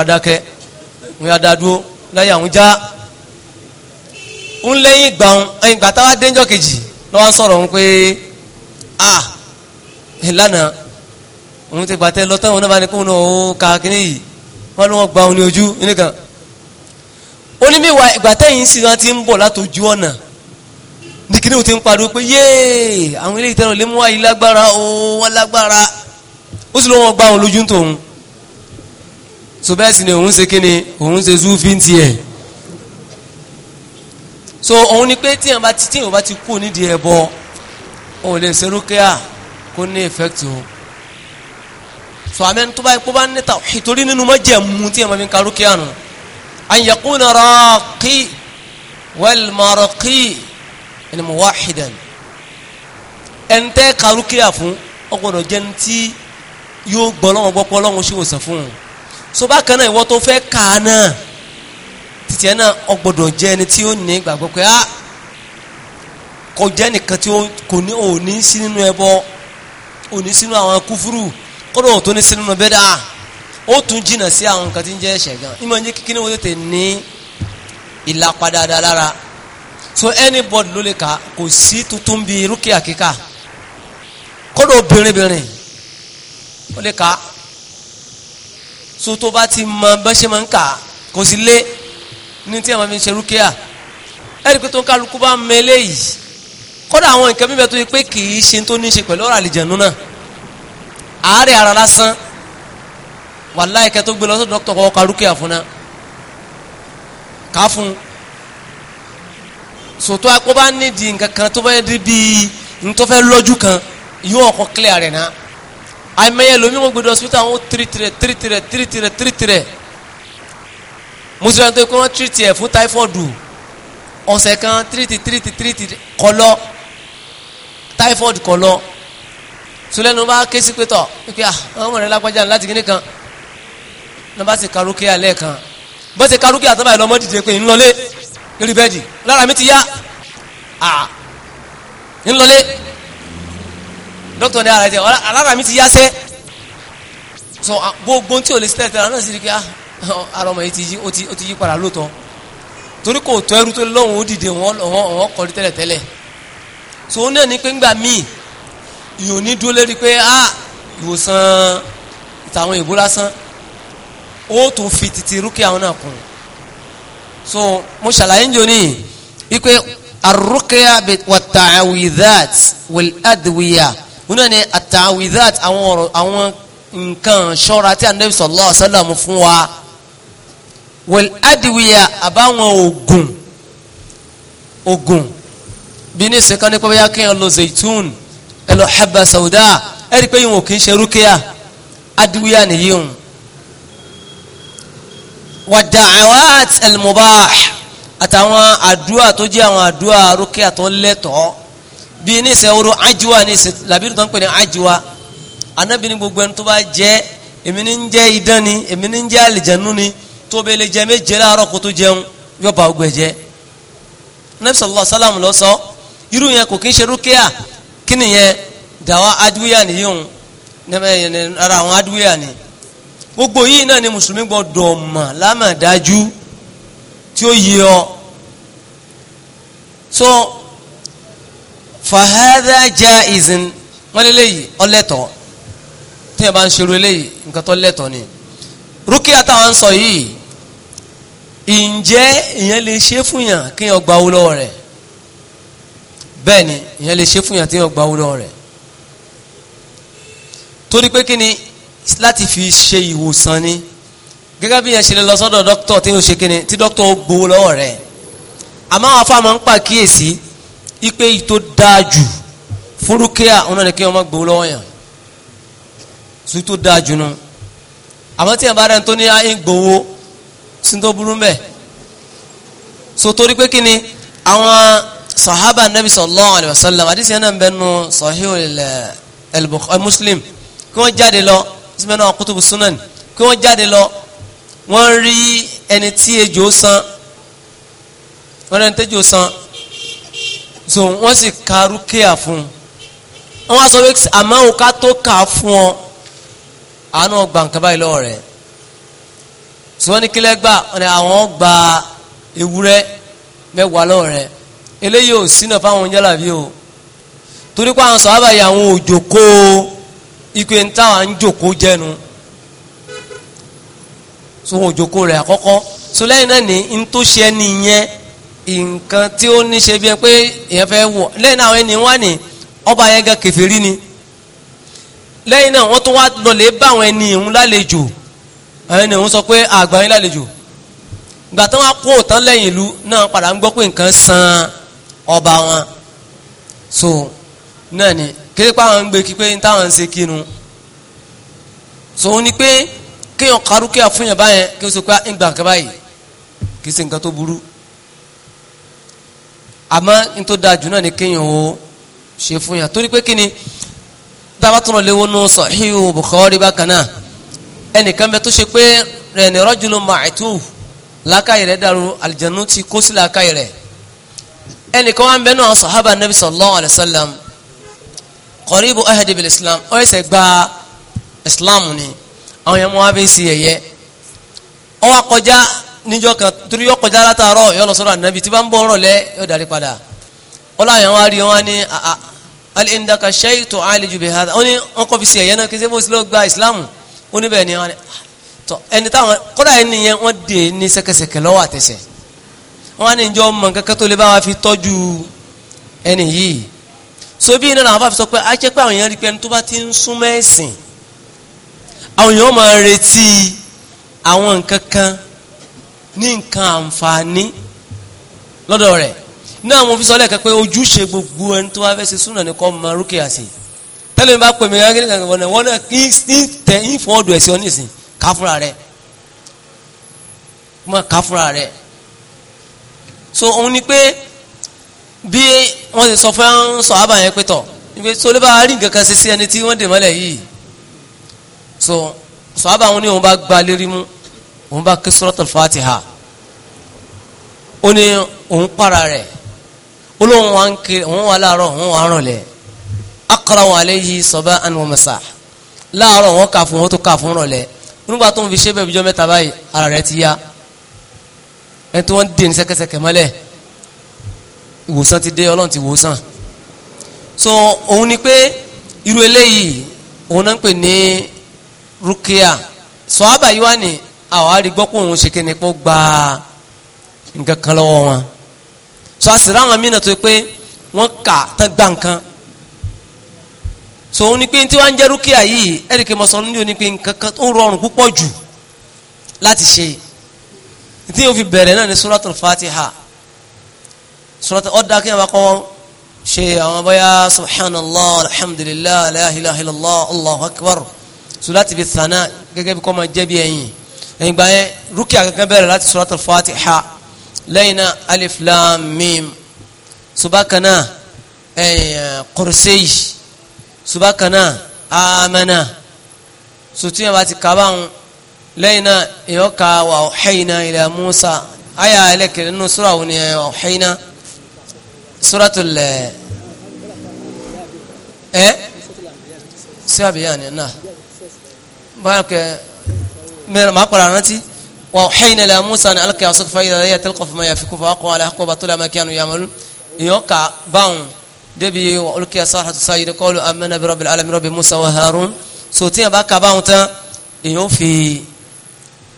ah, dákẹ́. òun yà dá dúró láyé àwọn já ń lẹ́yìn ìgbà òun ẹ̀yìn ìgbà táwa déńjọ́ kejì lọ́wọ́ sọ̀rọ̀ òun pé a ìlànà òun ti gbàtẹ́ lọ́tọ́ òun náà bá ní kóun náà ó ka kínní yìí wọ́n ló wọ́n gba òun ní ojú nìkan ó ní bí sì wọ́n ti ń bọ̀ látòjú ọ̀nà ní kíní ti ń pariwo pé yéè àwọn ilé ìtẹ́rọ̀ lè mú wáyé lágbára ó wọ́n lágbára ó sì lọ́wọ́ gba òun lójú tòun so bẹ́ẹ̀ òun ṣe kíni òun ṣe zúfì ń tiẹ̀ so òun ni pé tíyàn bá ti tíyàn bá ti kú nídìí ẹbọ òun lè ṣe rúkẹ́à kó ní effect o so àmẹ́ni tó bá yẹ kó bá ní ta ìtorí nínú májẹ̀mú tíyàn máa fi ka rúkẹ́à nù an yakuna raqi wal marqi ẹni mo wá ka rúkẹ́à fún ọgbọ́dọ̀ jẹ́ni tí yóò gbọ́ lọ́wọ́ gbọ́ pọ́ lọ́wọ́ ṣe wòsàn fún un so bákan náà ìwọ tó fẹ́ kà á náà títí ẹ náà ó gbọ́dọ̀ jẹ́ ẹni tí ó ní gbàgbọ́ pé á ah, kò jẹ́ nìkan tí kò ní òní sí nínú ẹbọ òní sínú àwọn kúfúrú kódà òtún ní sínú bẹ́dà ó tún jìnnà sí àwọn nǹkan tí ń jẹ́ ẹ̀ṣẹ̀ gan ìmọ̀ ní kíkí wọ́n tètè ní ìlapa lára so anybody ló lè kà kò sí tuntun bíi rúkìá kíkà kódà obìnrin bìnrin ó lè kà so tó bá ti mọ bá ṣe máa ń kà kò sí lé ní tí àwọn fi ń ṣe rúkìá ẹ̀rí pé tó ń kálukú bá mọ eléyìí kódà àwọn nǹkan bíbẹ̀ tó yẹ pé kì í ṣe tó ní ṣe pẹ̀lú ọ̀rọ̀ àlìjẹ̀nu náà àárẹ̀ ara lásán wàláhì kẹ́ tó gbé lọ sí dókítà kọ́ ka rúkìá fún náà ká bá nídìí nǹkan kan tó bá yẹ di bíi ntọ́fẹ́ lọ́jú kan yóò kọ́ kílẹ̀ rẹ̀ náà àìmọye lomi wọn gbẹdọ hospital wọn tírìtì rẹ tírìtì rẹ tírìtì rẹ tírìtì rẹ mùsùlùmí tó kọ́ wọn tírìtì ẹ̀ fún táífọ̀dù ọ̀sẹ̀ kan tírìtì tírìtì tírìtì kọlọ táífọ̀dù kọlọ sùlẹ́nu bá ké sí pétọ̀ pé à ọmọ rẹ lápájà láti kíní kan ní bá ti karókè alẹ́ kan bó ti karókè àtọ́bà ìlọmọ dìde pé ńlọlé lórí bẹ́ẹ̀dì lára mi ti yá à ńlọlé dókítà ní ara ẹ̀ alára mi ti yáṣẹ́ so gbogbo tí o lè sílẹ̀ tẹ̀lé náà sì rí kí ah, ara ọmọ yìí ti yí ó ti yí padà lóòótọ́ torí kò tọ́ ẹrú tó lọ́wọ́ ó dìde wọ́n wọ́n kọ́ tẹ́lẹ̀ tẹ́lẹ̀ so ó náà ní pé ńgbà míì ìyò ní dúró lérí pé ah ìwòsàn ìtàwọn ìbò lásán ó tún fi títí rúkì àwọn náà kùn so mo ṣàlàyé ń jò ní wípé arúkẹ́yà wàtàwìdàt wẹ̀lẹ́dìwìyà wọn náà ni àtàwìdát àwọn ọ̀rọ̀ àwọn nǹkan ṣọ́ra tí anabi sallallahu alaihi wasallam fún wa wal adìwìyà àbáwọn oògùn oògùn bí ní ìsìnká ní pé bóyá kéèyàn lo zaitun ẹ lọ haba sauda ẹ rí i pé ìwọ̀n kì í ṣe rúkìá adìwìyà nìyí o wà da'awat àtàwọn àdúrà tó jẹ́ àwọn àdúrà rúkìá tó lẹ́tọ̀ọ́ bí ní sẹ oró ajiwa ní sẹ labiru tó ń pè ní ajiwa anabi ní gbogbo ẹni tó bá jẹ èmi ní ń jẹ idán ni èmi ní ń jẹ àlìjẹnu ni tó bẹ lè jẹ méje láàárọ̀ kó tó jẹun yóò bá ogun ẹ jẹ nabi sallallahu salam lọ sọ irú yẹn kò kí ń ṣe rúkìá kí nìyẹn dàwa adúyà nìyíhun ara àwọn adúyà ni gbogbo yìí náà ni mùsùlùmí gbọ́dọ̀ mọ̀ lámàdájú tí ó yí ọ so fahadha jaizin wọ́n lé léyìí ọlẹ́tọ̀ tí yẹn bá ń ṣerú léyìí nǹkan tó lẹ́tọ̀ ni rúkìá táwọn sọ yìí ǹjẹ́ ìyẹn lè ṣe fún yàn kí yàn gba owó lọ́wọ́ rẹ̀ bẹ́ẹ̀ ni ìyẹn lè ṣe fún yàn tí yàn gba owó lọ́wọ́ rẹ̀ torí pé kí ni láti fi ṣe ìwòsàn ni gẹ́gẹ́ bí yẹn ṣe lè lọ sọ́dọ̀ dókítọ̀ tí yóò ṣe kí ni tí dókítọ̀ gbowó lọ́wọ́ rẹ̀ àmọ́ àwọn afáàmọ́ ń pàkíyèsí ipe yìí tó dáa jù fúrúkẹ́à ọ̀nà ni kí wọ́n má gbowó lọ́wọ́ yàn sùn tó dáa jù náà àmọ́ yàn bá rẹ̀ tó ní ayé gbowó sí tó burú so tori pé kini ni àwọn sahaba nabi sallallahu alayhi wa sallam adi yẹn náà ń bẹ nu sahih al-bukhari muslim kí wọ́n jáde lọ na náà kutubu sunan kí wọ́n jáde lọ wọ́n rí ẹni tí ejò san wọ́n rí ẹni tí ejò san so wọ́n sì ka rúkìá fún un wọ́n á sọ pé àmọ́ òun ká tó kà á fún ọ àánú ọgbà nǹkan báyìí lọ́wọ́ rẹ̀ so wọ́n ní kílẹ̀ gbà ọ̀nà àwọn gba ewúrẹ́ mẹ́wàá lọ́wọ́ rẹ̀ eléyìí ò sínà fáwọn oúnjẹ làbí o torí pé àwọn sọ̀rọ̀ àbáyé àwọn òjòkó ikú ẹni táwọn ń jòkó jẹnu so wọn òjòkó rẹ̀ àkọ́kọ́ so lẹ́yìn náà ní ntòṣe ẹni yẹn nǹkan tí ó ní ṣe bí pé èèyàn fẹ́ wọ̀ lẹ́yìn náà ẹni wá ní ọba yẹn gan kèfèrí ni lẹ́yìn náà wọ́n tún wá lọlẹ̀ bá àwọn ẹni ìhun lálejò àwọn ẹni ìhun sọ pé àgbà yín lálejò ìgbà tí wọ́n kó òtán lẹ́yìn ìlú náà padà ń gbọ́ pé nǹkan san ọba wọn so náà ni kéde pa àwọn ń gbé kí pé táwọn ń ṣe kínu so ó ní pé kéèyàn karú kéèyàn fún yàn báyẹn kí ó sọ pé ìgbà kan báyìí kì í ṣe nǹkan tó burú àmọ́ n tó da jù náà ni kéèyàn ó ṣe fún yàn torí pé kí ni dábàá tó lọ léwu nù Sahihu Bukhari bákan náà ẹnìkan bẹ tó ṣe pé rẹ̀ni rajulun ma'tu làákàyè rẹ̀ dàrú àlìjẹ̀nu ti kó sí làákàyè rẹ̀ ẹnìkan wà ń bẹ náà sahaba nabi sallallahu alayhi wa sallam qaribu ahadi islam ó ẹsẹ̀ gba islam ni àwọn yẹn mú wa bẹ́ẹ̀ sí ẹ̀yẹ ó wá kọjá níjọ́ kan torí yọ kọjá látàárọ̀ yọ lọ sọ́dọ̀ ànábì tí bá ń bọ̀ ọ̀rọ̀ lẹ́ yọ darí padà ọlọ́ àyàn wa rí wọn ní alẹ́ ìdàkà ṣẹ́yì tó àlejò bẹ̀ hàdà ó ní wọn kọ́ fi sí ẹ̀yẹ náà kí ṣe bó lọ gba ìsìláàmù ó níbẹ̀ ni wọn tọ ẹni táwọn kọ́dà ẹni yẹn wọ́n dè ní sẹ́kẹsẹ̀kẹ lọ́wọ́ àtẹ̀sẹ̀ wọn ní ìjọ mọ̀ tó lè bá wa fi tọ́jú ẹni yìí so bí iná làwọn bá fi sọ pé ajẹ́ pé àwọn èèyàn rí ẹni tó bá ti ń súnmọ́ ẹ̀sìn àwọn èèyàn máa retí àwọn nǹkan ní nǹkan àǹfààní lọ́dọ̀ rẹ̀ náà mo fi sọ lẹ́ẹ̀kan pé ojúṣe gbogbo ẹni tó wá fẹ́ ṣe súnà ní kọ́ máa rúkè àṣẹ tẹ́lẹ̀ mi bá pè mí gángan gángan wọ̀nà wọ́n náà kí ní tẹ̀ ń ọdọ̀ ẹ̀sìn oníṣìn ká rẹ̀ má ká rẹ̀ so òun ni pé bí wọ́n ti sọ fún sọ àbá yẹn pé tọ̀ ibi tó lè bá rí nǹkan kan sí ẹni tí wọ́n dè mọ́lẹ̀ yìí so sọ àbá wọn ni òun bá gba lérí mú òun bá kí suratul Fatiha ó ní òun para rẹ̀ ó lóun wà ń kiri òun wà láàárọ̀ òun wà rànlẹ̀ akọ̀rọ̀ wọn alẹ́ yìí sọ̀bá àni wọn mẹ́sà láàárọ̀ wọn kà fún wọn tó kà fún rànlẹ̀ onígbà tó ń fi ṣe bẹ́ẹ̀ bíjọ́ mẹ́ta báyìí ara rẹ̀ ti yá ẹni tí wọ́n dè ní sẹ́kẹ́sẹ́kẹ́ mọ́lẹ̀ ìwòsàn ti dé ọlọ́run ti wòsàn so òun ni pé irú eléyìí òun náà ń pè ní rúkìá sọ àbàyíwá ni àwọn àrígbọ́pọ̀ òun ṣe kíni pọ́ gbàá nǹkan kan lọ́wọ́ wọn so àsìrá àwọn mìíràn tó pé wọ́n kà tán gbà nǹkan so òun ni pé tí wọ́n ń jẹ́ rúkìá yìí ẹ̀ríkì mọ̀sán ní òní pé nǹkan kan ó rọrùn púpọ̀ jù láti ṣe tí yóò fi bẹ̀rẹ̀ náà ní suratul fatiha suratul ọ̀dà kí wọ́n bá kọ́ ṣe àwọn bóyá subhanallah alhamdulillah la ilaha illallah allahu akbar so láti fi sànà gẹ́gẹ́ bí kọ́ máa jẹ́ bí ẹ̀yìn ẹ̀yìn gbà yẹn rúkìá kankan bẹ̀rẹ̀ láti suratul fatiha lẹ́yìn náà alif lam mim subakana kọrọsẹ́yì subakana amana sotu yẹn bá ti kaba ń lẹ́yìn náà èèyàn ka wà ọ̀hẹ́yìn náà ila Musa aya ẹlẹ́kẹ̀rẹ́ nínú sura wo ni ọ̀hẹ́yìn náà suratul ẹ sí àbíyá ni náà báyọ̀ kẹ́ mẹ́rin máa pàrọ̀ rántí. وأوحينا إلى موسى أن ألقي عصاك فإذا هي تلقف ما يفك فأقوى على حقوبة طلع ما كانوا يعملون يوقع باون دبي وألقي صاحة السيد قالوا آمنا برب العالمين رب موسى وهارون سوتين باكا باون تا يوفي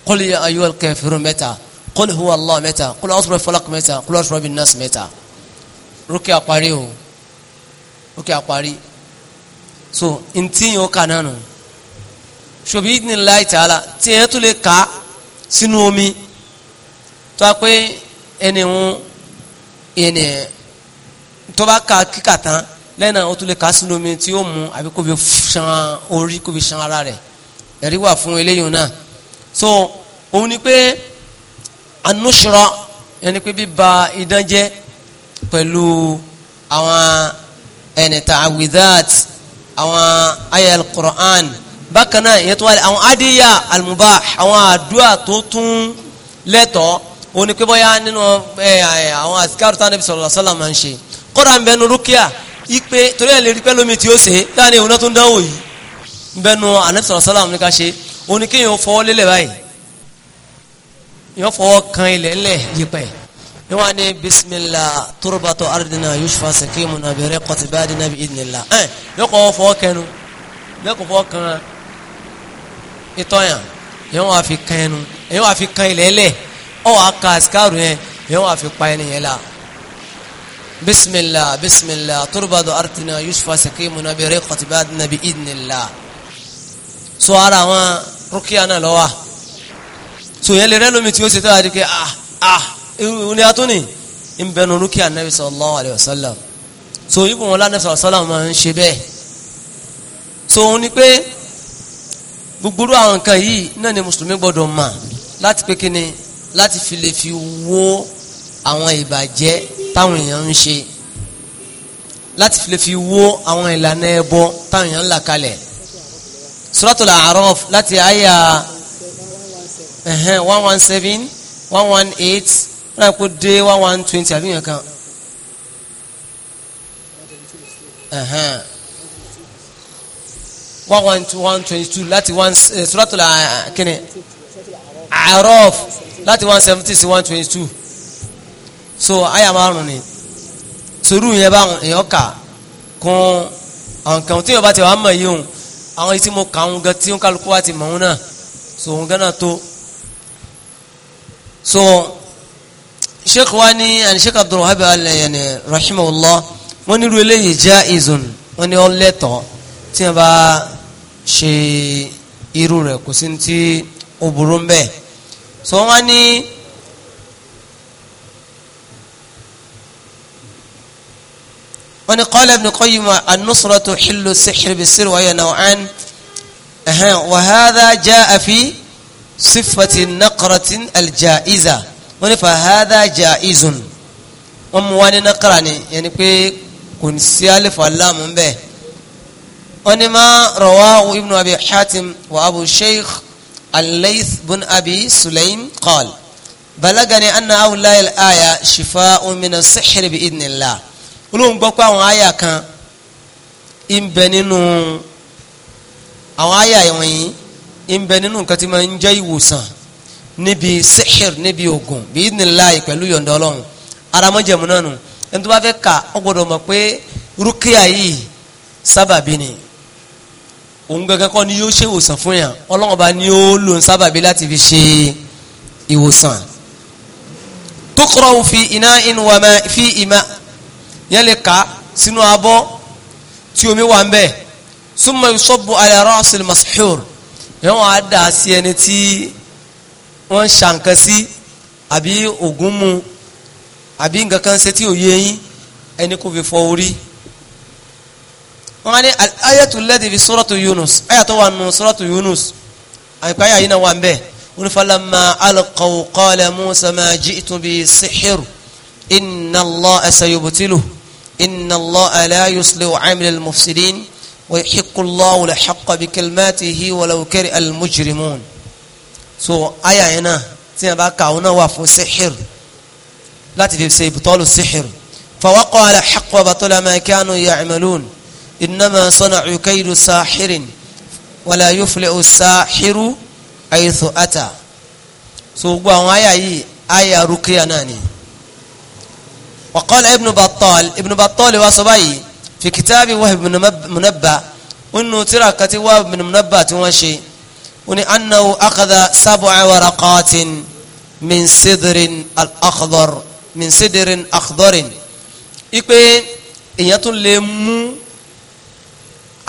قل يا أيها الكافرون متى قل هو الله متى قل أصبر الفلق متى قل أصبر بالناس متى rúkẹ́ àparí o rúkẹ́ àparí so ntí yóò kà nánu ṣòbí ní láì tààlà sínú omi tó a pé ẹni ń ẹni tó bá ka kíkà tán lẹ́yìn náà ó tún lè ka sínú omi tí ó mu àbí kó fi ṣan orí kó fi ṣan ara rẹ̀ ẹ̀rí wà fún eléyìí náà so òun ni pé anusra ẹni pé bíba idán jẹ́ pẹ̀lú àwọn ẹni tàwídàt àwọn ayé quran bákan náà ìyẹn tó wà àwọn adéyà almubah àwọn àdúrà tó tún lẹ́tọ̀ọ́ o ní pé bóyá nínú àwọn àsìkárù tí Ànábì sallallahu alaihi ń ṣe kọ́ra ń bẹnu rúkìá ipe torí ẹ̀ lè rí pẹ́lú mi tí ó ṣe láàrin ìwúná tó ń dánwò yìí ń bẹnu Ànábì sallallahu alaihi wasallam ní ká ṣe o ní kéèyàn fọwọ́ lélẹ̀ báyìí yóò fọwọ́ kan ilẹ̀ ńlẹ̀ yípẹ́ ni wọ́n á bisimilah turbatọ ardina yusufa sakimuna bẹrẹ kọtibadina bi idinila ẹ yóò kọ́ fọwọ́ kẹnu yóò kọ́ kan ìtọ́yàn yẹn wọ́n á fi kan ẹnu yẹn wọ́n á fi kan ilẹ̀ lẹ̀ ọ̀ wá ka àsìkáàrù yẹn yẹn wọ́n á fi pa ẹni yẹn la bisimilah bisimilah turubadu artina yusufa sakimuna bi riqati badina bi idinila so ara àwọn rúkìá náà lọ́wọ́ so yẹn lè rẹ́ lómi tí ó ṣe tó a di ké ah ah ìwúni atúni ń bẹnu rúkìá sallallahu alayhi wa sallam so ibùn wọn lánàbì sallallahu alayhi wa sallam máa ń ṣe bẹ́ẹ̀ so òun ni pé gbogbo àwọn nǹkan yìí náà ni mùsùlùmí gbọ́dọ̀ mà láti pé kíni láti fi lè fi wó àwọn ìbàjẹ́ táwọn èèyàn ń ṣe láti fi lè fi wó àwọn ìlànà ẹbọ táwọn èèyàn ń là kalẹ̀ suratul A'raf láti àyà one one seven one one eight wọ́n á kó dé one one twenty àbí yẹn kan one one two one twenty two láti one eh, suratul eh, kini Araf láti one seventy sí one twenty two so aya márùn ni sòrú yẹn bá èèyàn kà kún àwọn kan tí yóò bá ti wà á mọ̀ yìí hùn àwọn yìí tí mo kà ń gan tí ń kálukú wa ti mọ̀ ń náà so ń gánà tó so sheikh wa ni and sheikh abdulwahab alayani eh, rahimahullah wọn nílùú eléyìí jẹ́ ìzùn wọn ni ọ lẹ́tọ̀ọ́ tí wọn bá ṣe irú rẹ̀ kò sí ti ó burú ń bẹ so wọ́n ní wọ́n ní qala ibn Qayyim an-nusratu hillu sihri bis-sirri wa hiya naw'an wa hadha jaa'a fi sifati naqratin al-jaa'iza wọ́n ní fa hadha jaa'izun wọ́n mú wá ní ni yẹn pé kò ní sí alifu aláàmú bẹ́ẹ̀ onímọ̀ rawahu ibnu abi hatim wa abu sheikh al-layth bin abi sulaim qal balagani anna awulayil aya shifa'un min as-sihr bi idnillah olóhùn gbọ́ pé àwọn àyà kan ń bẹ nínú àwọn àyà wọ̀nyí ń bẹ nínú nǹkan tí máa ń jẹ́ ìwòsàn níbi sihir níbi oògùn bí idnillahi pẹ̀lú yọ̀ǹda ọlọ́run náà nù ẹni tó bá fẹ́ kà ó mọ̀ pé rúkìá yìí sábàbí ni òun gangan kọ́ ni yóò ṣe ìwòsàn fún yàn ọlọ́run bá ní ó lò ń sábàbí láti fi ṣe ìwòsàn tuqra'u fi ina'in wa ma fi ima yẹn lè kà sínú abọ́ tí omi wà ń bẹ̀ summa yusabbu ala ra'sil mashur yẹn wọ́n á dà sí ẹni tí wọ́n ń ṣàǹkan sí àbí ògún mu àbí nǹkan kan ṣe tí ò yé yín ẹni kò fi fọ orí wọ́n ní ayatu lẹ́dí fi suratu yunus ayatò wà nù suratu yunus àyíkọ́ ayé yìí náà wà ń bẹ́ẹ̀ wọ́n ní falamma alqaw qala musa ma ji'tu bi sihiru inna allaha sayubtilu inna allaha la yuslihu amilal mufsidin wa yuhiqqu allahu al bi kalimatihi walaw kariha al so ayé yìí náà tí a bá kà ó náà wà fún sihir láti fi ṣe ibtalu sihir fa waqa al ma kanu ya'malun. إنما صنعوا كيد ساحر ولا يفلح الساحر حيث أتى so gbogbo àwọn àyà yìí àyà rukia náà ni waqala ibnu batal ibnu batal wa sọ báyìí fi kitaabi wahb munabba inú tírà kati wahb munabba tí wọ́n ṣe ó ní annahu akhadha sab'a waraqatin min sidrin al-akhdar min sidrin akhdar ipe èèyàn tún lè mú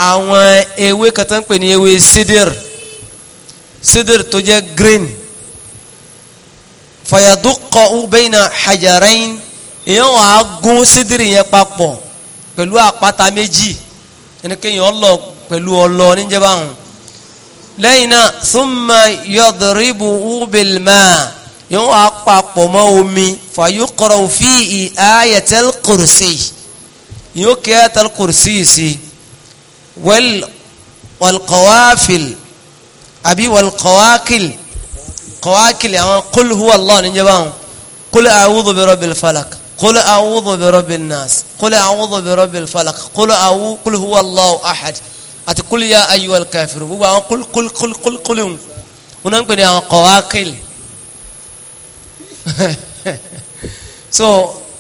àwọn ewé kan tó ń pè ní ewé sidir sidir tó jẹ́ green fàyàdúkọ ubẹ́yìnà hajarain èèyàn wà á gún sidir yẹn papọ̀ pẹ̀lú àpáta méjì ẹni kéèyàn lọ pẹ̀lú ọlọ níjẹba hàn lẹ́yìn náà súnmọ́ yọ̀dọ̀rìbù ubẹ̀lmá èèyàn wà á papọ̀ mọ́ omi fàyọkọ̀rọ̀ fi ìhà ayẹ̀tẹ̀l yóò kẹ́ ayẹ̀tẹ̀l kùrùsì sí i wàlkọ̀wáfìl àbí wàlkọ̀wákìl kọ̀wákìl àwọn kúlù huwa allah níjẹ́ báwọn kúlù àwùdù bi rabbil falak kúlù àwùdù bi rabbin nas kúlù àwùdù bi rabbil falak kúlù àwùdù kúlù huwa allah ahad àti kúlù ya ayyuhal kafirun gbogbo àwọn kúlù kúlù kúlù kúlù kúlù wọn ń pè ní àwọn kọ̀wákìl so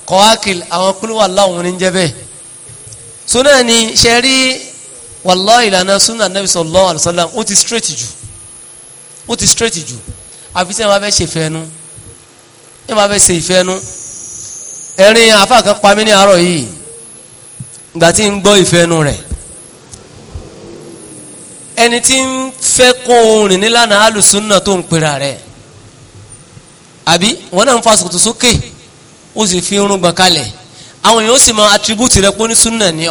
kọ̀wákìl àwọn kúlù huwa allah wọn níjẹ́ bẹ́ẹ̀ so náà ni ṣe rí. wallahi ìlànà sunna nabi sallallahu alaihi ó ti straight jù ó ti straight jù àfi sẹ́ni wọ́n fẹ́ ṣe ìfẹ́ ẹ máa fẹ́ ìfẹ́ ẹ̀rín kan pa mí ní àárọ̀ yìí ìgbà tí ń gbọ́ ìfẹ́ rẹ̀ ẹni tí ń fẹ́ kó orin nílànà tó ń pera rẹ̀ àbí wọn náà ń fa sòkòtò sókè ó sì fi irun gbọ̀n kalẹ̀ àwọn èèyàn ó sì ni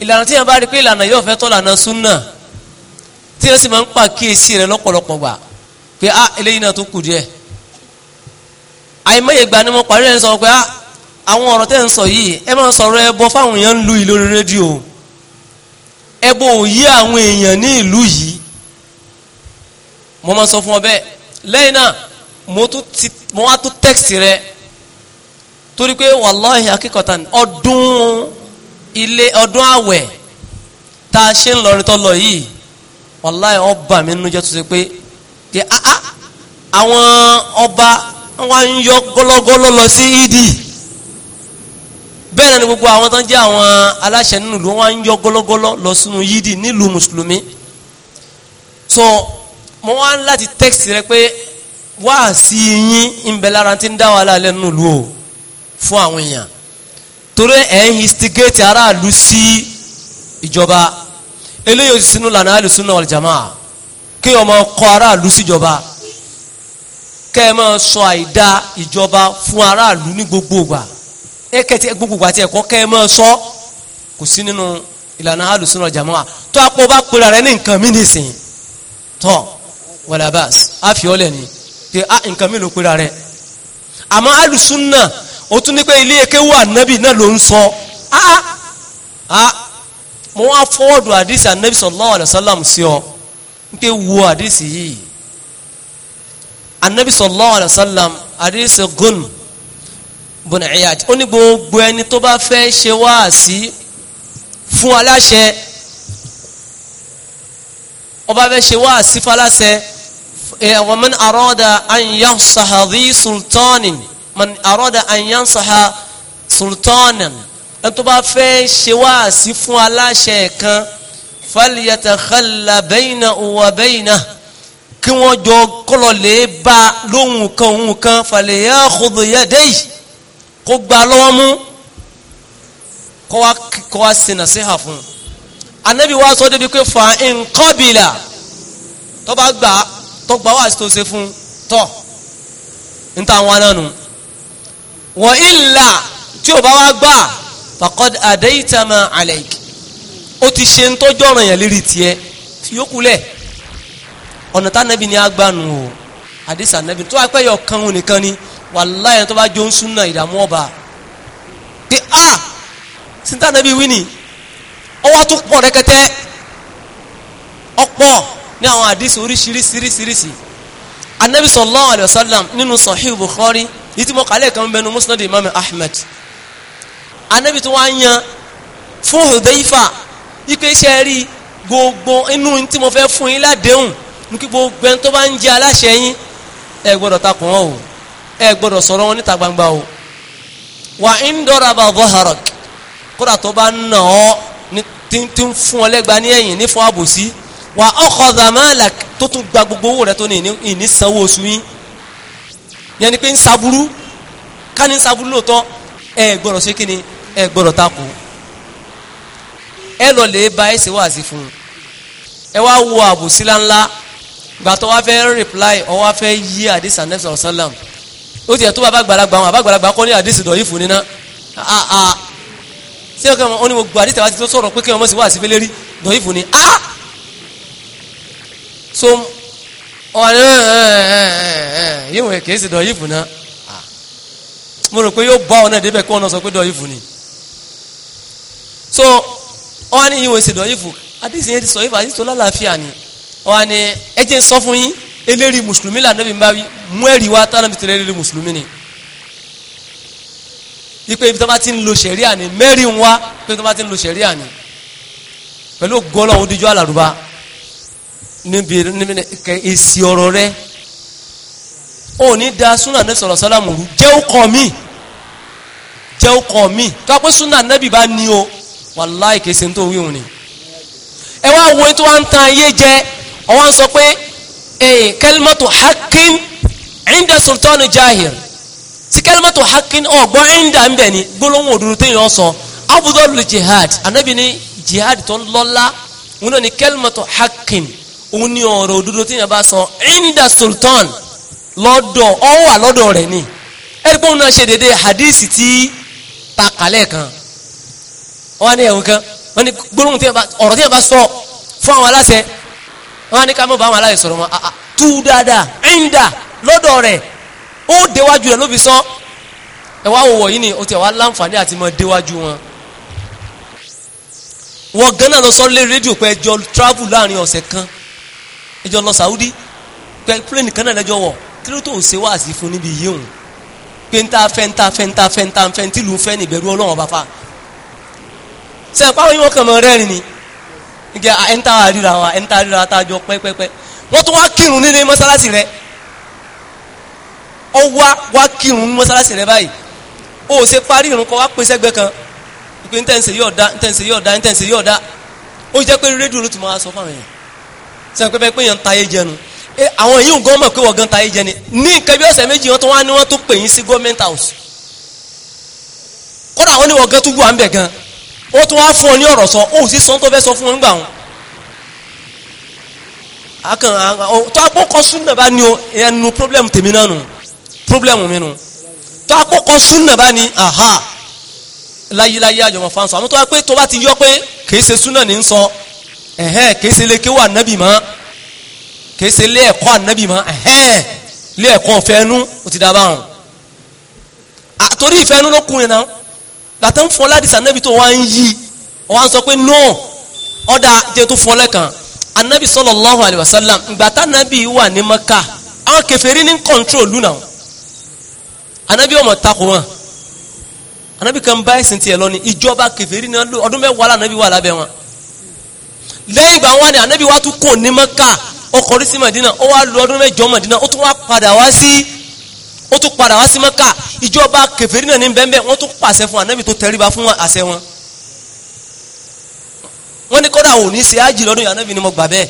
ìlànà tí yẹn bá rí pé ìlànà yóò fẹ́ tọ́ lànà súnà tí yẹn sì máa ń pa kíyèsí rẹ lọ́pọ̀lọpọ̀ gbà pé a ah, eléyìí náà tó kù díẹ̀ àìmọye ìgbà ni mo parí ẹ̀ ń sọ pé a ah, àwọn ọ̀rọ̀ tẹ́ ń sọ yìí ẹ máa sọ̀rọ̀ ẹbọ fáwọn èèyàn ń lu ìlú lórí rédíò ẹbọ ò yí àwọn èèyàn ní ìlú yìí mo máa sọ fún ọ bẹ́ẹ̀ lẹ́yìn náà mo wá tó tẹ́kìtì rẹ torí pé wàláhì akíkọ̀tà ọdún ilé ọdún àwẹ̀ tá a ṣe ń lọrin tó lọ yìí wàláì ọba mi nínú jẹ́ tó ṣe pé kí ah, ah, àwọn ọba wọn ń yọ gọlọgọlọ lọ sí ìdí bẹ́ẹ̀ náà ni gbogbo àwọn tó ń jẹ́ àwọn aláṣẹ nínú ìlú wọn ń yọ gọlọgọlọ lọ sínú yídì nílùú mùsùlùmí so mo wá láti tẹ́kìtì rẹ pé wáàsí yín ń bẹ lára tí ń dá wàhálà lẹ́nu ìlú o fún àwọn èèyàn torí ẹ̀ ń instigate aráàlú sí ìjọba eléyìí sínú lànà àlùsùn náà jama kí ọmọ kọ aráàlú síjọba kẹ ẹ máa sọ àìdá ìjọba fún aráàlú ní gbogbo ìgbà ẹ kẹtí gbogbo ìgbà tí ẹ kọ kẹ ẹ máa sọ kò sí nínú ìlànà àlùsùn náà jama tó apò bá pera rẹ ní nǹkan mí nìsín tọ wàlábàs àfiọ́lẹ̀ ni pé ah, nǹkan mí ló pera rẹ àmọ́ àlùsùn náà ó tún ní pé ilé ekéwú ànábì náà ló ń sọ ah ah, ah mo wá fọwọ́dù àdìsí ànábì sallallahu alaihi wasallam sí ọ nípe wo àdìsí yìí ànábì sallallahu alaihi wasallam àdìsí gun bùnà ìyáàjì ó ní gbogbo ẹni tó bá fẹ́ ṣe wáàsí fún aláṣẹ ọba bẹ ṣe wá sífàlásẹ ẹwọn mẹ́ni àrọ́dà an yansaha dhi man arada an yansaha sultanan ẹni tó bá fẹ́ ṣe wáàsí fún aláṣẹ kan falyatakhala baynahu wa baynahu kí wọ́n jọ kọ́lọ̀ lè bá lóhùn kan òhun kan falyakhudh yadayhi kó gba lọ́wọ́ mú kọ́ wa kọ́ wa sin nasiha fún un anabi wa sọ débi pé fa in qabila tó bá gbà tó gbà wá sí tó ṣe fún tọ́ níta wọn náà nù wa illa tí o bá wá gbà faqad adayta ma alayk o ti ṣe ń tọ́jú ọ̀ràn yẹn lérí tiẹ̀ tí yóò kulẹ̀ ọ̀nà tá nàbì ni agbanu o àdìsá nàbì tó wá pẹ́ yọ kan nìkan ni wàláyé tó bá jó ń súnà ìdààmú ọba pé a síta nàbì wí ni ọwọ́ tó pọ̀ rẹ́kẹtẹ́ ọ̀pọ̀ ní àwọn àdìsí oríṣiríṣiríṣiríṣi anabi sallallahu alayhi wa nínú sahih bukhari yìí mo kàlẹ́ kan bẹnu musnad imam ahmed anabi tí wọ́n á yan fún hudayfa ike iṣẹ́ rí gbogbo inú tí mo fẹ́ fún yín ládéhùn ní kí gbogbo ẹni tó bá ń jẹ aláṣẹ yín ẹ gbọ́dọ̀ takùn wọn o ẹ gbọ́dọ̀ sọ̀rọ̀ wọn níta gbangba o wà ń dọ́ra bá zaharak kódà tó bá ń nà ọ́ tí ń fún ọ lẹ́gba ní ẹ̀yìn ní fún àbòsí wà akhadha malak tó tún gba gbogbo owó rẹ tó ní ìní sanwó oṣù yín yẹn ni pé ń saburú ká ní ń saburú lóòótọ́ ẹ gbọ́dọ̀ ṣe kíni ẹ gbọ́dọ̀ takò ẹ lọ lè ba ẹ ṣe wáàsí fún un ẹ wá wo àbòsí ńláńlá gbàtọ́ wá fẹ́ rìpláì ọ wá fẹ́ yí àdìsí anẹ́sọ̀ ọ̀sálàm ó tiẹ̀ tó bàbá àgbàlagbà wọn àbàgbàlagbà kọ́ ní àdìsí dọ̀ yìí fún ni ná ah, ah. ṣé ọkọ wọn ni mo gbọ́ àdìsí àti tó sọ̀rọ̀ pé kí wọn mọ̀ sí wá fẹ́lẹ́rí dọ̀ yìí fún ni ah! so ọ̀rẹ́ yíwọ̀n kìí sì dọ̀yìfù náà ah. mo rò pé yóò bá ọ náà débẹ̀ kí wọ́n náà sọ pé dọ̀yìfù ni so wọ́n ní yíwọ̀n sì dọ̀yìfù àdìsí yẹn ti sọ ìfà àdìsí tó lálàáfíà ni wọ́n ní ẹ jẹ́ sọ fún yín eléri mùsùlùmí là níbi bá wí mú ẹ̀rí wá tánà bí tẹ̀lé mùsùlùmí ni ipe ibi tó bá ti ń lo sẹ̀ríà ni mẹ́rin wá ipe tó bá ti ń lo sẹ̀ríà ni pẹ̀lú gọ́lọ́ níbi èsì ọ̀rọ̀ rẹ ò ní da súnà nẹ́bí sọ̀rọ̀ sọ́lámù rú jẹ́ ó kọ́ mi jẹ́ ó kọ́ mi tó a pé súnà nẹ́bí bá ní o wàláì kìí ṣe tó wí ni ẹ wá wo tó wá tan ayé jẹ ọ wá sọ pé ee kalimatu haqqin inda sultani jahir tí kalimatu hakim ọgbọ́n inda ń bẹ̀ ni gbólóhùn òdòdó téèyàn sọ abudul jihad anabi ni jihad tó ń wọn ni kalimatu hakim òun ni ọ̀rọ̀ òdodo tí yẹn bá sọ inda sultan lọ́dọ̀ ọ wà lọ́dọ̀ rẹ̀ ni ẹni pé òun náà ṣe déédéé hadisi tí ta kàlẹ́ kan wọ́n ní ẹ̀wọ̀n kan wọ́n ní gbólóhùn tí yẹn bá ọ̀rọ̀ tí yẹn bá sọ fún àwọn aláṣẹ wọ́n ní ká mọ̀ bá àwọn aláṣẹ sọ̀rọ̀ mọ́ tú dáadáa inda lọ́dọ̀ rẹ̀ ó déwájú rẹ̀ ló fi sọ ẹ wá yìí ni o tiẹ̀ wá láǹfààní àti mọ déwájú wọn wọ́n gan náà lọ sọ lé rédíò pé ẹjọ́ travel láàrin ọ̀sẹ̀ kan ìjọ lọ Saudi pé plane kan náà lẹ́jọ́ wọ̀ kí ló tó ń ṣe wáàsí fún níbi yìí òun pé ń ta fẹ́ ń ta fẹ́ ń ta fẹ́ ń ta fẹ́ ń tìlú fẹ́ ní ìbẹ̀rù Ọlọ́run bàfà sẹ́yìn pàwọn yìí wọ́n kàn mọ́ rẹ́rìn ni nígbà ẹ̀ ń ta àríra wa ẹ̀ ń ta àríra tá a jọ pẹ́pẹ́pẹ́ wọ́n tún wá kírun nínú mọ́sálásí rẹ̀ ọ wá wá kírun nínú mọ́sálásí báyìí o ṣe parí irun kọ́ wá pèsè ẹgbẹ́ kan ìpè ntẹ̀sẹ̀ yọ̀ọ̀dá ntẹ̀sẹ̀ yọ̀ọ̀dá ntẹ̀sẹ̀ yọ̀ọ̀dá ó jẹ́ pé rédíò ló tún máa sọ fáwọn èèyàn sẹ́yìn pé bẹ́ẹ̀ pé yẹn ń ta ayé jẹnu àwọn yìí ń gan mọ̀ pé wọ́n gan ta ayé jẹni ní nǹkan bí ọ̀sẹ̀ méjì wọn tó wá ní wọ́n tó pè yín sí government house kódà wọn ní wọ́n gan tó wù ń bẹ̀ gan ó tún wá fún ọ ní ọ̀rọ̀ sọ ó sì sọ tó fẹ́ sọ fún wọn gbà wọn akàn tó akpọkọ súnà bá ní o ẹnu problem tèmi náà nù problem mi nù tó akpọkọ súnà bá ní aha láyéláyé àjọmọ̀ fáwọn sọ àmọ́ tó wá pé tó bá ti yọ pé kì ṣe súnà ní ń sọ ẹ̀hẹ́ kèése lé kéwà nábì mọ́ kèése lé ẹ̀kọ́ ànábì mọ́ ẹ̀hẹ́ lé ẹ̀kọ́ ọ̀fẹ́nu ó ti dábàá hàn àtòrí ìfẹ́nu ló kùnrin náà gbàtà ń fún ọ ládìsí ànábì tó wá ń yí wá ń sọ pé no ọ̀dà jẹ́ tó fún ọ lẹ́kàn ànábì sallallahu alaihi wasallam gbàtà ànábì wà ní Mẹ́kà àwọn kèfèrí ní kọ́ńtrólù náà ànábì ọmọ takò wọn ànábì kan bá ẹ̀sìn tiẹ̀ lọ ní ìjọba kèfèrí ní ọdún mẹ́wàá ànábì wà lábẹ́ wọn lẹ́yìn ìgbà wọn ni ànábì wa tún kò ní mọ́kà ọkọ̀ orí sí mọ̀dínà ó wá lu ọdún mẹ́jọ mọ̀dínà ó tún wá padà wá sí ó tún padà wá sí mọ́kà ìjọba kèfèrí náà ní bẹ́ẹ̀ wọ́n tún pàṣẹ fún ànábì tó tẹríba fún àṣẹ wọn wọ́n ní kọ́dà òní ṣe ájì lọ́dún yìí ànábì ni mo gbà bẹ́ẹ̀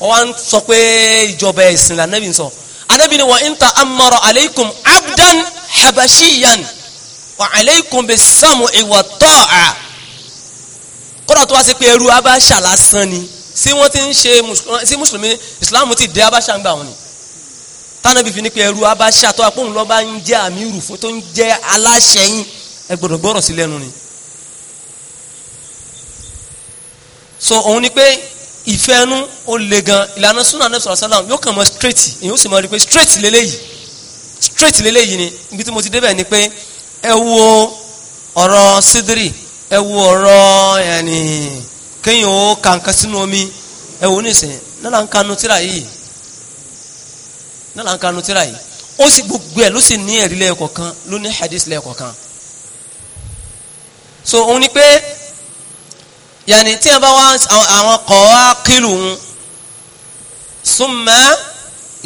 wọ́n ń sọ pé ìjọba ẹ̀sìn lànàbì ń sọ ànábì ni wọ́n ń ta aleikum abdan habashiyan wa aleikum bisamu iwa kódà tó wá sí pé ẹrú abáṣà lásán ni sí wọ́n ti ń ṣe sí mùsùlùmí ìsìláàmù ti dé abáṣà ń gbà wọn ni tánàbí fi ní pé ẹrú abáṣà tó apóhùn lọ́ba ń jẹ́ àmì ìrùfún tó ń jẹ́ aláṣẹ yín gbọ́rọ̀ sí lẹ́nu ni. so òun ni pé ìfẹ́ ẹnu ó le gan ìlànà súnà náà sọ̀rọ̀ sálàm yóò kàn mọ́ straight èyí ó sì mọ́ rí pé straight lélẹ́yìí straight lélẹ́yìí ni ibi tí mo ti débẹ̀ ni pé ẹ wo ọ̀rọ̀ sídírì ẹ wo ọ̀rọ̀ ẹni kéèyàn ó ka nǹkan sínú omi ẹ wo nísìnyí náà là ń kanu tíra yìí náà là ń yìí ó sì gbogbo ẹ̀ ló sì ní ẹ̀rí lẹ́ẹ̀kọ̀kan ló ní hadith lẹ́ẹ̀kọ̀kan so òun ni pé yàní tí a bá wá àwọn kọ̀ wá kílù ń súnmọ́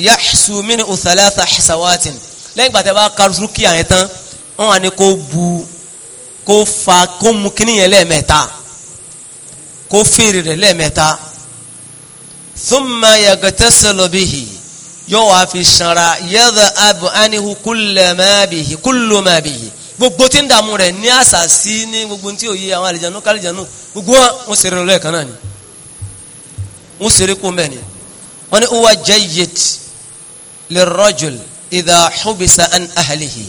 yàṣù mí ní òsàlẹ́ lẹ́yìn gbàtẹ́ bá karùsùn kí àyẹ̀ tán wà ní kó bu kó fa kó mu kíní yẹn lẹ́ẹ̀mẹ́ta kó fèrè rẹ̀ lẹ́ẹ̀mẹ́ta thumma yagtasilu bihi yóò wá fi sanra yadhhabu anhu kullu ma bihi kullu ma bihi gbogbo tí ń dààmú rẹ̀ ní àṣàṣì ní gbogbo tí òye àwọn àlejànú kálíjànú gbogbo wọn wọn ṣeré lọ́ọ̀ náà ni wọn ṣeré kó mbẹ́ ni wọn ni huwa jayyid lirrajul idha hubisa an ahlihi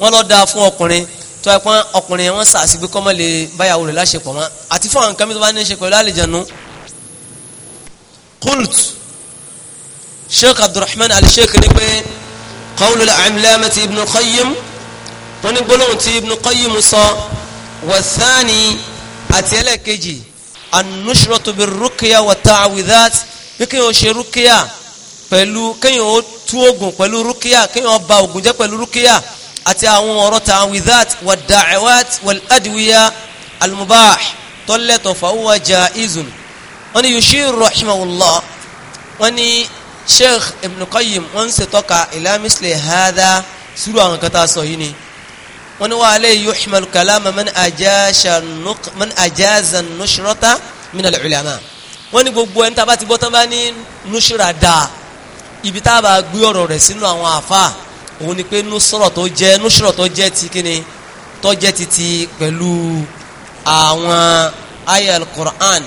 wọn lọ dáa fún ọkùnrin tó ẹ pọn ọkùnrin yẹn wọn sàásì pé kọ́mọ lè báyàwó rẹ̀ láṣepọ̀ mọ́ àti fún àwọn nǹkan mi tó bá ní í ṣe pẹ̀lú àlejànú. kult sheikh abdulrahman ali sheikh ni pé qawlu al-allamati ibnu qayyim wọn ní gbólóhùn tí ibn qayyim sọ wàtháni àti ẹlẹ́ẹ̀kejì anushratu bi rukia wa ta'awidat bí kéèyàn ṣe rukia pẹ̀lú kéèyàn ó tú oògùn pẹ̀lú rukia kéèyàn ó ba oògùn jẹ́ pẹ̀lú rukia àti àwọn ọ̀rọ̀ ta'awidhat wal da'awat wal adwiya al mubah tọ́lẹ̀tọ̀ fàwọn jaizun wọ́n ní yushir rahimahullah wọ́n ní sheikh ibn qayyim wọ́n ń ṣètọ́ka ila misli hadha sùúrù àwọn kan tá a sọ yìí ni wọ́n ní wa alayhi yuhmal kalama man ajaza nushrata min al ulama wọ́n ní gbogbo ẹni tá bá ti gbọ́ tán bá ní nushra dáa ibi tá a bá gbé ọ̀rọ̀ rẹ̀ sínú àwọn àfáà òun ni pé nusrọ̀ tó jẹ́ nusrọ̀ tó jẹ́ ti kíni tó jẹ́ titi pẹ̀lú àwọn aya al-Qur'an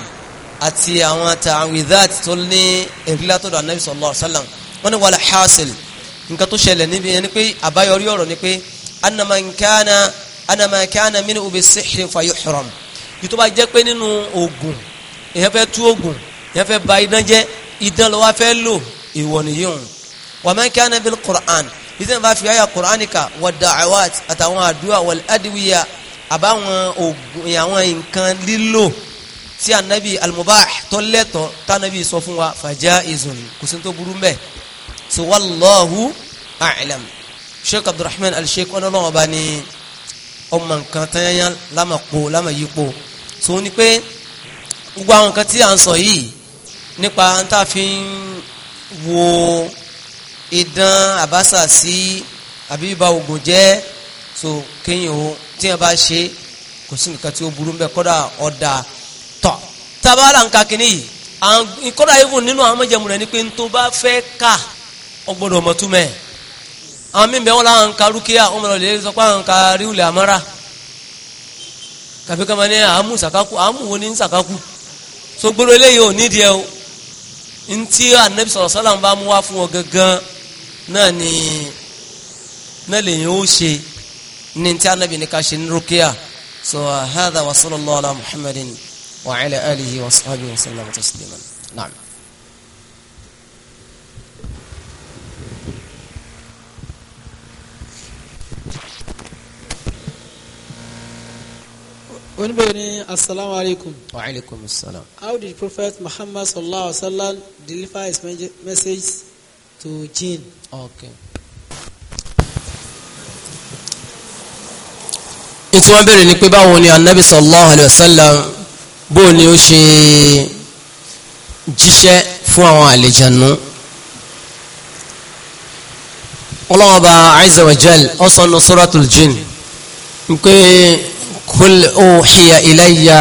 àti àwọn ta'awidat tó ní èrí látọ̀dọ̀ anabi sallallahu alaihi wasallam wọ́n ní wàlẹ̀ hasil nǹkan tó ṣẹlẹ̀ níbi yẹn ni pé àbáyọrí ọ̀rọ̀ ni pé anama nkana anama nkana mini ubi sihiri fa yuhram yìí tó bá jẹ́ pé nínú oògùn èyàn fẹ́ tú oògùn èyàn fẹ́ ba idán jẹ́ idán ló wá fẹ́ lò ìwọ nìyí hàn wàmẹ́kánná Qur'an ìsìn bá fi àyà kùránì kà wà da'awat àtàwọn àdúrà wal adwiya àbáwọn ògùn àwọn nǹkan lílò tí anabi al-mubah tó lẹ́tọ̀ tánabi sọ fún wa fajaizun kò sí burú mbẹ́ so wallahu a'lam sheikh abdulrahman al-sheikh ọlọ́wọ́n bá ní ọmọ nǹkan tẹ́yẹ́yẹ́ lámàpò lámàyípo so ní pé gbogbo àwọn nǹkan tí à ń sọ yìí nípa tá wo idán abasa si àbí bíbá oògùn jẹ́ so kéèyàn o tíyẹn bá ṣe kò sí nǹkan tí ó burú mbẹ kódà ọ̀dà tọ̀ tábàlà ń ka kínní yìí kódà even nínú àwọn mọ̀jẹ̀mú rẹ̀ ni pé ntó bá fẹ́ ká ọgbọ́dọ̀ mọ̀túmẹ̀ àwọn míì bẹ́ẹ̀ wọ́n láwọn ń ka rúkìá wọ́n mọ̀lọ́ lè sọ pé àwọn ń ka ríwìlì àmọ́ra kàbí kama ní àmú sàkákù àmú wo ni ń sàkákù so gbọ́dọ̀ eléyìí ò nídìí ẹ o ntí anabi sọ̀rọ̀ sọ́lá ń bá mú wá fún ọ gangan náà ni náà lè yín ó ṣe ní tí anabi ní ká ṣe ní rukia so hadha wa sallallahu ala muhammadin wa ala alihi wa sahbihi wa sallam tasliman naam. Unbeni, assalamu alaikum. Wa alaikum assalam. How did Prophet Muhammad sallallahu alaihi wasallam deliver his message to jinn. Okay. ìtí wọ́n béèrè ni pé báwo ni anabi sallallahu alayhi wa sallam bó ni ó ṣe jíṣẹ́ fún àwọn àlejànú ọlọ́wọ́ba azza wa jal ọ̀sán suratul jinn pé kul uhiya ilayya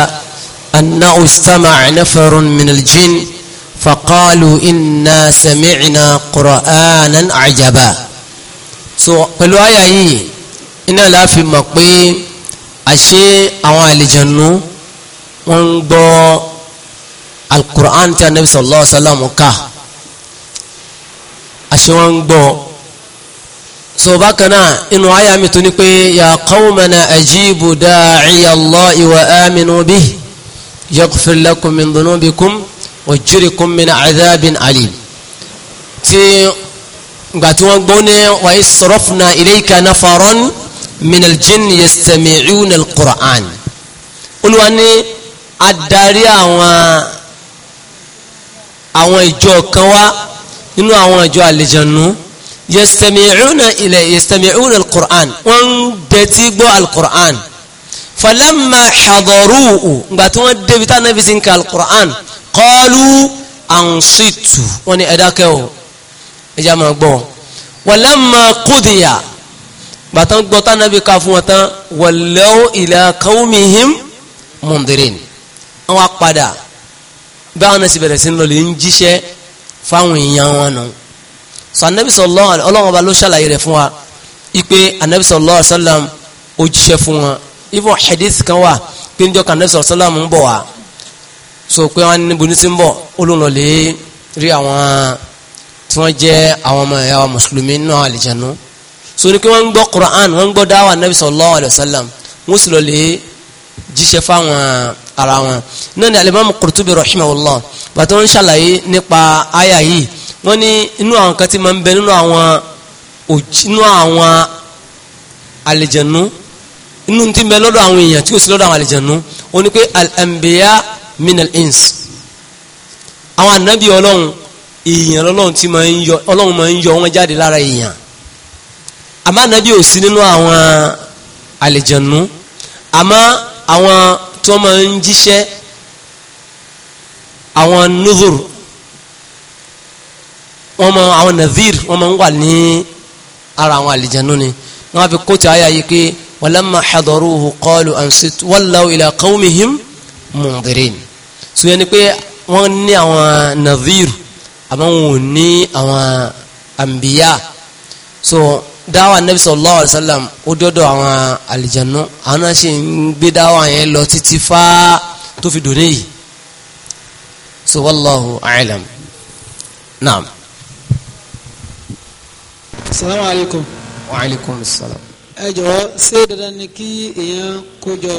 anna ustama'a nafarun minal jinn qalu inna sami'na qur'anan ajaba so pẹ̀lú àyà yìí iná láàfin mọ̀ pé àṣé àwọn àlejànú wọ́n ń gbọ́ alukur'an tí anabi sallallahu alaihi wa sallam ká àṣé wọ́n ń gbọ́ so bákaná inú àyà mi tún ní pé ya qawmana ajibu da'i Allahi wa aminu bihi yaghfir lakum min dhunubikum wajirikum min adhabin alim tí gbàtí wọ́n gbọ́ ní wa is sarafna ilayka nafaran min aljin yastami'una alquran olúwa ní adarí àwọn àwọn ìjọ kan wá nínú àwọn ìjọ àlejànú yastami'una ilay yastami'una alquran wọ́n bẹ̀tí gbọ́ alquran falamma hadaruhu gbàtí wọ́n débi tá a nàbí sí alquran kọlu ansitu wọ́n ní ẹ̀dákẹ́ o ẹjá máa gbọ́ walamma qudiya bàtán gbọ́ tánàbí ká fún wọn tán wallaw ila qaumihim mundirin àwọn apadà bí àwọn ẹ̀sìn bẹ̀rẹ̀ sí ń lọlẹ̀ ń jíṣẹ́ fáwọn èèyàn wọn nù sọ anabi sallallahu ọlọ́run ló ṣàlàyé rẹ̀ fún wa ipe anabi sallallahu alaihi wasallam fún wọn ibò hadith kan wà pé kan anabi sallallahu alaihi ń bọ̀ wá so pé wọn níbo ní ti ń bọ̀ olóńgbò lè rí àwọn tí wọn jẹ àwọn ọmọ ẹyà mùsùlùmí náà àlìjánu so ní kí wọn ń Quran wọn ń gbọ́ dáwà nabi sallallahu alayhi wa sallam wọn sì lọ lè fáwọn ara wọn náà ni alimami Qurtubi rahimahullah bàtà wọn ń ṣàlàyé nípa àyà yìí wọn ní inú àwọn kan ti máa ń bẹ nínú àwọn inú àwọn àlìjánu inú ti ń bẹ lọ́dọ̀ àwọn èèyàn tí kò sí lọ́dọ̀ àwọn àlìjánu wọn ni pé al minal ins àwọn ànábì ọlọ́run èèyàn lọ́lọ́run tí máa ń yọ ọlọ́run máa ń yọ wọn jáde lára èèyàn àmọ́ ànábì ò sí nínú àwọn àlejànú àmọ́ àwọn tó máa ń jíṣẹ́ àwọn nuzur wọ́n mọ àwọn nadhir wọ́n mọ ń wà ní ara àwọn àlejànú ni wọ́n fi kóòtù ayé ayé pé walamma hadaruhu qalu ansitu wallaw ila qawmihim mundirin so yẹn ni pé wọ́n ní àwọn Nazir, àmọ́ wọn ò ní àwọn àmbíyá so dáwà nabi sallallahu alayhi wa sallam ó dọ́dọ̀ àwọn àlìjánu àwọn náà ṣe ń gbé dáwà yẹn lọ títí fá tó fi dòní yìí so wallahu a'lam naam. salaamu alaykum. wa alaykum salaam. ẹ jọ̀wọ́ ṣé dandan ni kí èèyàn kó jọ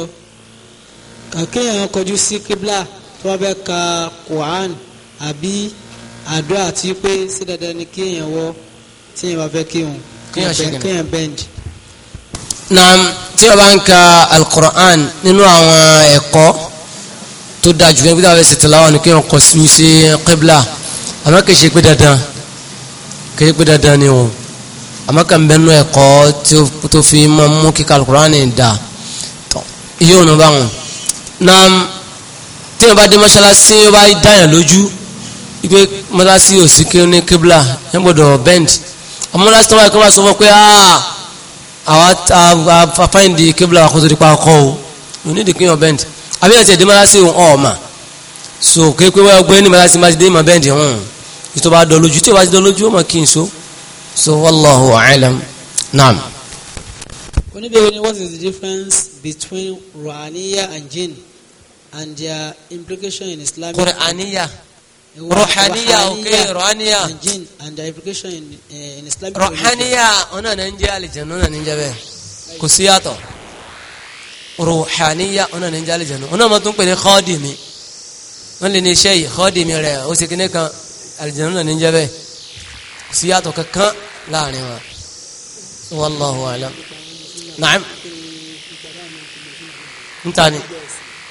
kàkéèyàn kọjú sí kíblà tó bá ka Quran àbí àdúrà tí pé ṣé dandan ni kéèyàn wọ tí èèyàn bá fẹ́ kéèyàn kéèyàn bend. naam tí o bá ń ka al-Quran nínú àwọn ẹ̀kọ́ tó dáa jù kí n bá fẹ́ ṣètò láwọn ni kéèyàn kọ sí sí qibla àmọ́ kì í ṣe pé dandan kì í ṣe pé dandan ni o àmọ́ kà ń bẹ́ẹ̀ nú ẹ̀kọ́ tó fi mọ́ mú kíkà al-Quran dà yóò nù báwọn naam tí wọn bá dé mọ́ṣáláṣí wọn bá dáyàn lójú wípé mọ́ṣáláṣí ò sí ní kébìlà yẹn gbọ́dọ̀ bend àmọ́ tó wáyé kí wọ́n bá sọ fún pé ah, àwa àfáìndì kébìlà wà kó tó di pa ọkọ o you need to clean your bend àbí ẹ̀ tẹ̀ dé wọn ọ̀ mà so kéé pé wọ́n gbé ní mọ́ṣáláṣí máa dé ìmọ̀ bend hàn ètò bá dọ̀ lójú tí ò bá dọ̀ lójú ó mọ̀ kí n so so wallahu a'lam naam. oníbẹ̀rẹ̀ what is the difference between ruhaniya and jinn? and their implication in Islamic Quraniya ruhaniya okay ruhaniya and their implication in, uh, in Islamic ruhaniya ọ̀nà ní ń jẹ́ àlìjẹ̀nù ọ̀nà ní ń jẹ́ bẹ́ẹ̀ kò sí yàtọ̀ ruhaniya ọ̀nà ní ń jẹ́ àlìjẹ̀nù ọ̀nà ọmọ tó ń pè ní kọ́ọ̀dìmí wọ́n lè ní iṣẹ́ yìí kọ́ọ̀dìmí rẹ̀ kan àlìjẹ̀nù ọ̀nà ní ń jẹ́ bẹ́ẹ̀ kò sí yàtọ̀ wa wallahu alam naam n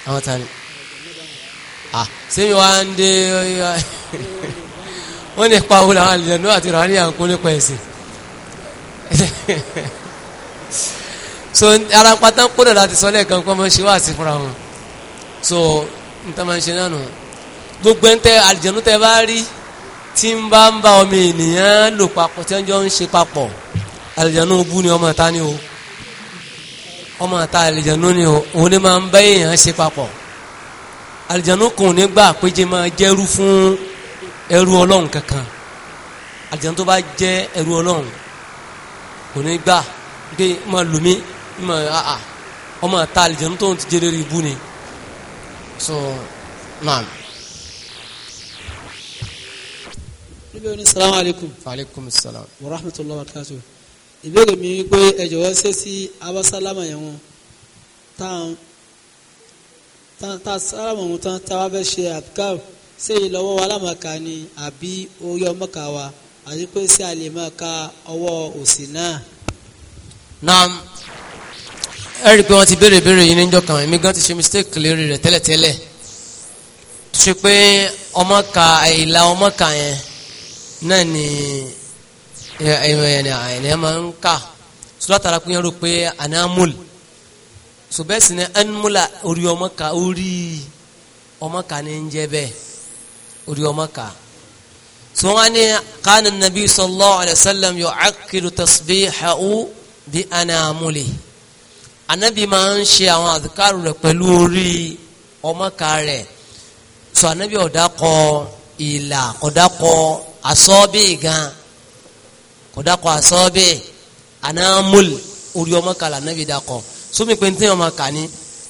àwọn tani ah sẹ́yìn wa ń dé wọ́n ní ipa wo làwọn àlejò àti ìrànlẹ́ à ń kó nípa ẹ̀sìn so ara pátá ń kó dọ̀ láti sọ lẹ́ẹ̀kan kó máa ṣe wá sí fúnra wọn so n ta máa ń ṣe náà nù gbogbo ẹ̀ ń tẹ àlejò tẹ bá rí tí ń bá ń bá ọmọ ènìyàn lò papọ̀ tí wọ́n jọ ń ṣe papọ̀ àlejò bú ni ọmọ ìta ni o ọmọ àta àlìjànú ni o òun ni máa ń bá èèyàn ṣe papọ̀ àlìjànú kò ní gbà péjẹ máa jẹ́rú fún ẹrú ọlọ́run kankan àlìjànú tó bá jẹ́ ẹrú ọlọ́run kò ní gbà pé máa lù máa àà ọmọ àta àlìjànú tó ń ti jẹ́rẹ́ ibú ni so naam. níbi oní salaam aleykum. wa aleykum wa rahmatulah ìbéèrè mi wípé ẹ jọ̀wọ́ ṣé sí abasalama yẹn wọn táwọn tá sálámù ọ̀hún tán tá a wá fẹ́ ṣe àbíkárù ṣé ìlọ́wọ́ wa lámàka ni àbí orí ọmọka wa àti pé ṣé a lè máa ka ọwọ́ òsì náà. naam ẹ rí i pé wọ́n ti béèrè béèrè yìí níjọ́ kan èmi gan ti ṣe mistake lérí rẹ̀ tẹ́lẹ̀tẹ́lẹ̀ tó ṣe pé ọmọka ìlà ọmọka yẹn náà ni ẹ̀yìn máa ń kà sọ́látara pé yẹn rò pé anamul sọ́bẹ́sì ni anamula orí ọmọ ká orí ọmọ ká ní ń jẹ́ bẹ́ẹ̀ orí ọmọ ká sọ́wọ́nì kánà nàbí sallallahu alayhi wa sallam yu'akkiru tasbihahu bí anamuli anabi máa ń ṣe àwọn àdìkárù rẹ̀ pẹ̀lú orí ọmọ ká rẹ̀ sọ anabi ọ̀dà kọ ìlà ọ̀dà kọ asọ́bì gan kódà kọ àsọ́ọ́bẹ̀ anamul orí ọmọ kàlà nàbí dakọ sómi pé ntẹ́yìn ọmọ kà ní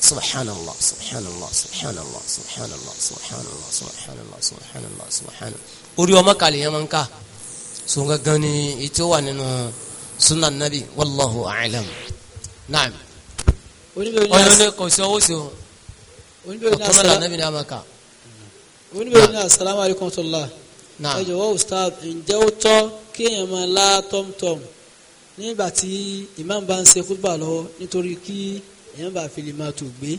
subhanallah subhanallah subhanallah subhanallah subhanallah subhanallah subhanallah subhanallah orí ọmọ kàlà yẹn máa ń kà sóun gangan ni ètò wà nínú sunan nabi wallahu a'lam naam ọ̀nà ní kò sí ọwọ́ sí o ọ̀kọ́mọ́lá nàbí ni a máa kà. oníbẹ̀rẹ̀ asalaamualeykum wa rahmatulah ẹ jọ̀wọ́ ustaz ǹjẹ́ ó tọ́ kí èèyàn máa lá tọ́mtọ́m nígbà tí imam bá ń ṣe kútbà lọ́wọ́ nítorí kí èèyàn bá fi lè máa tò gbé.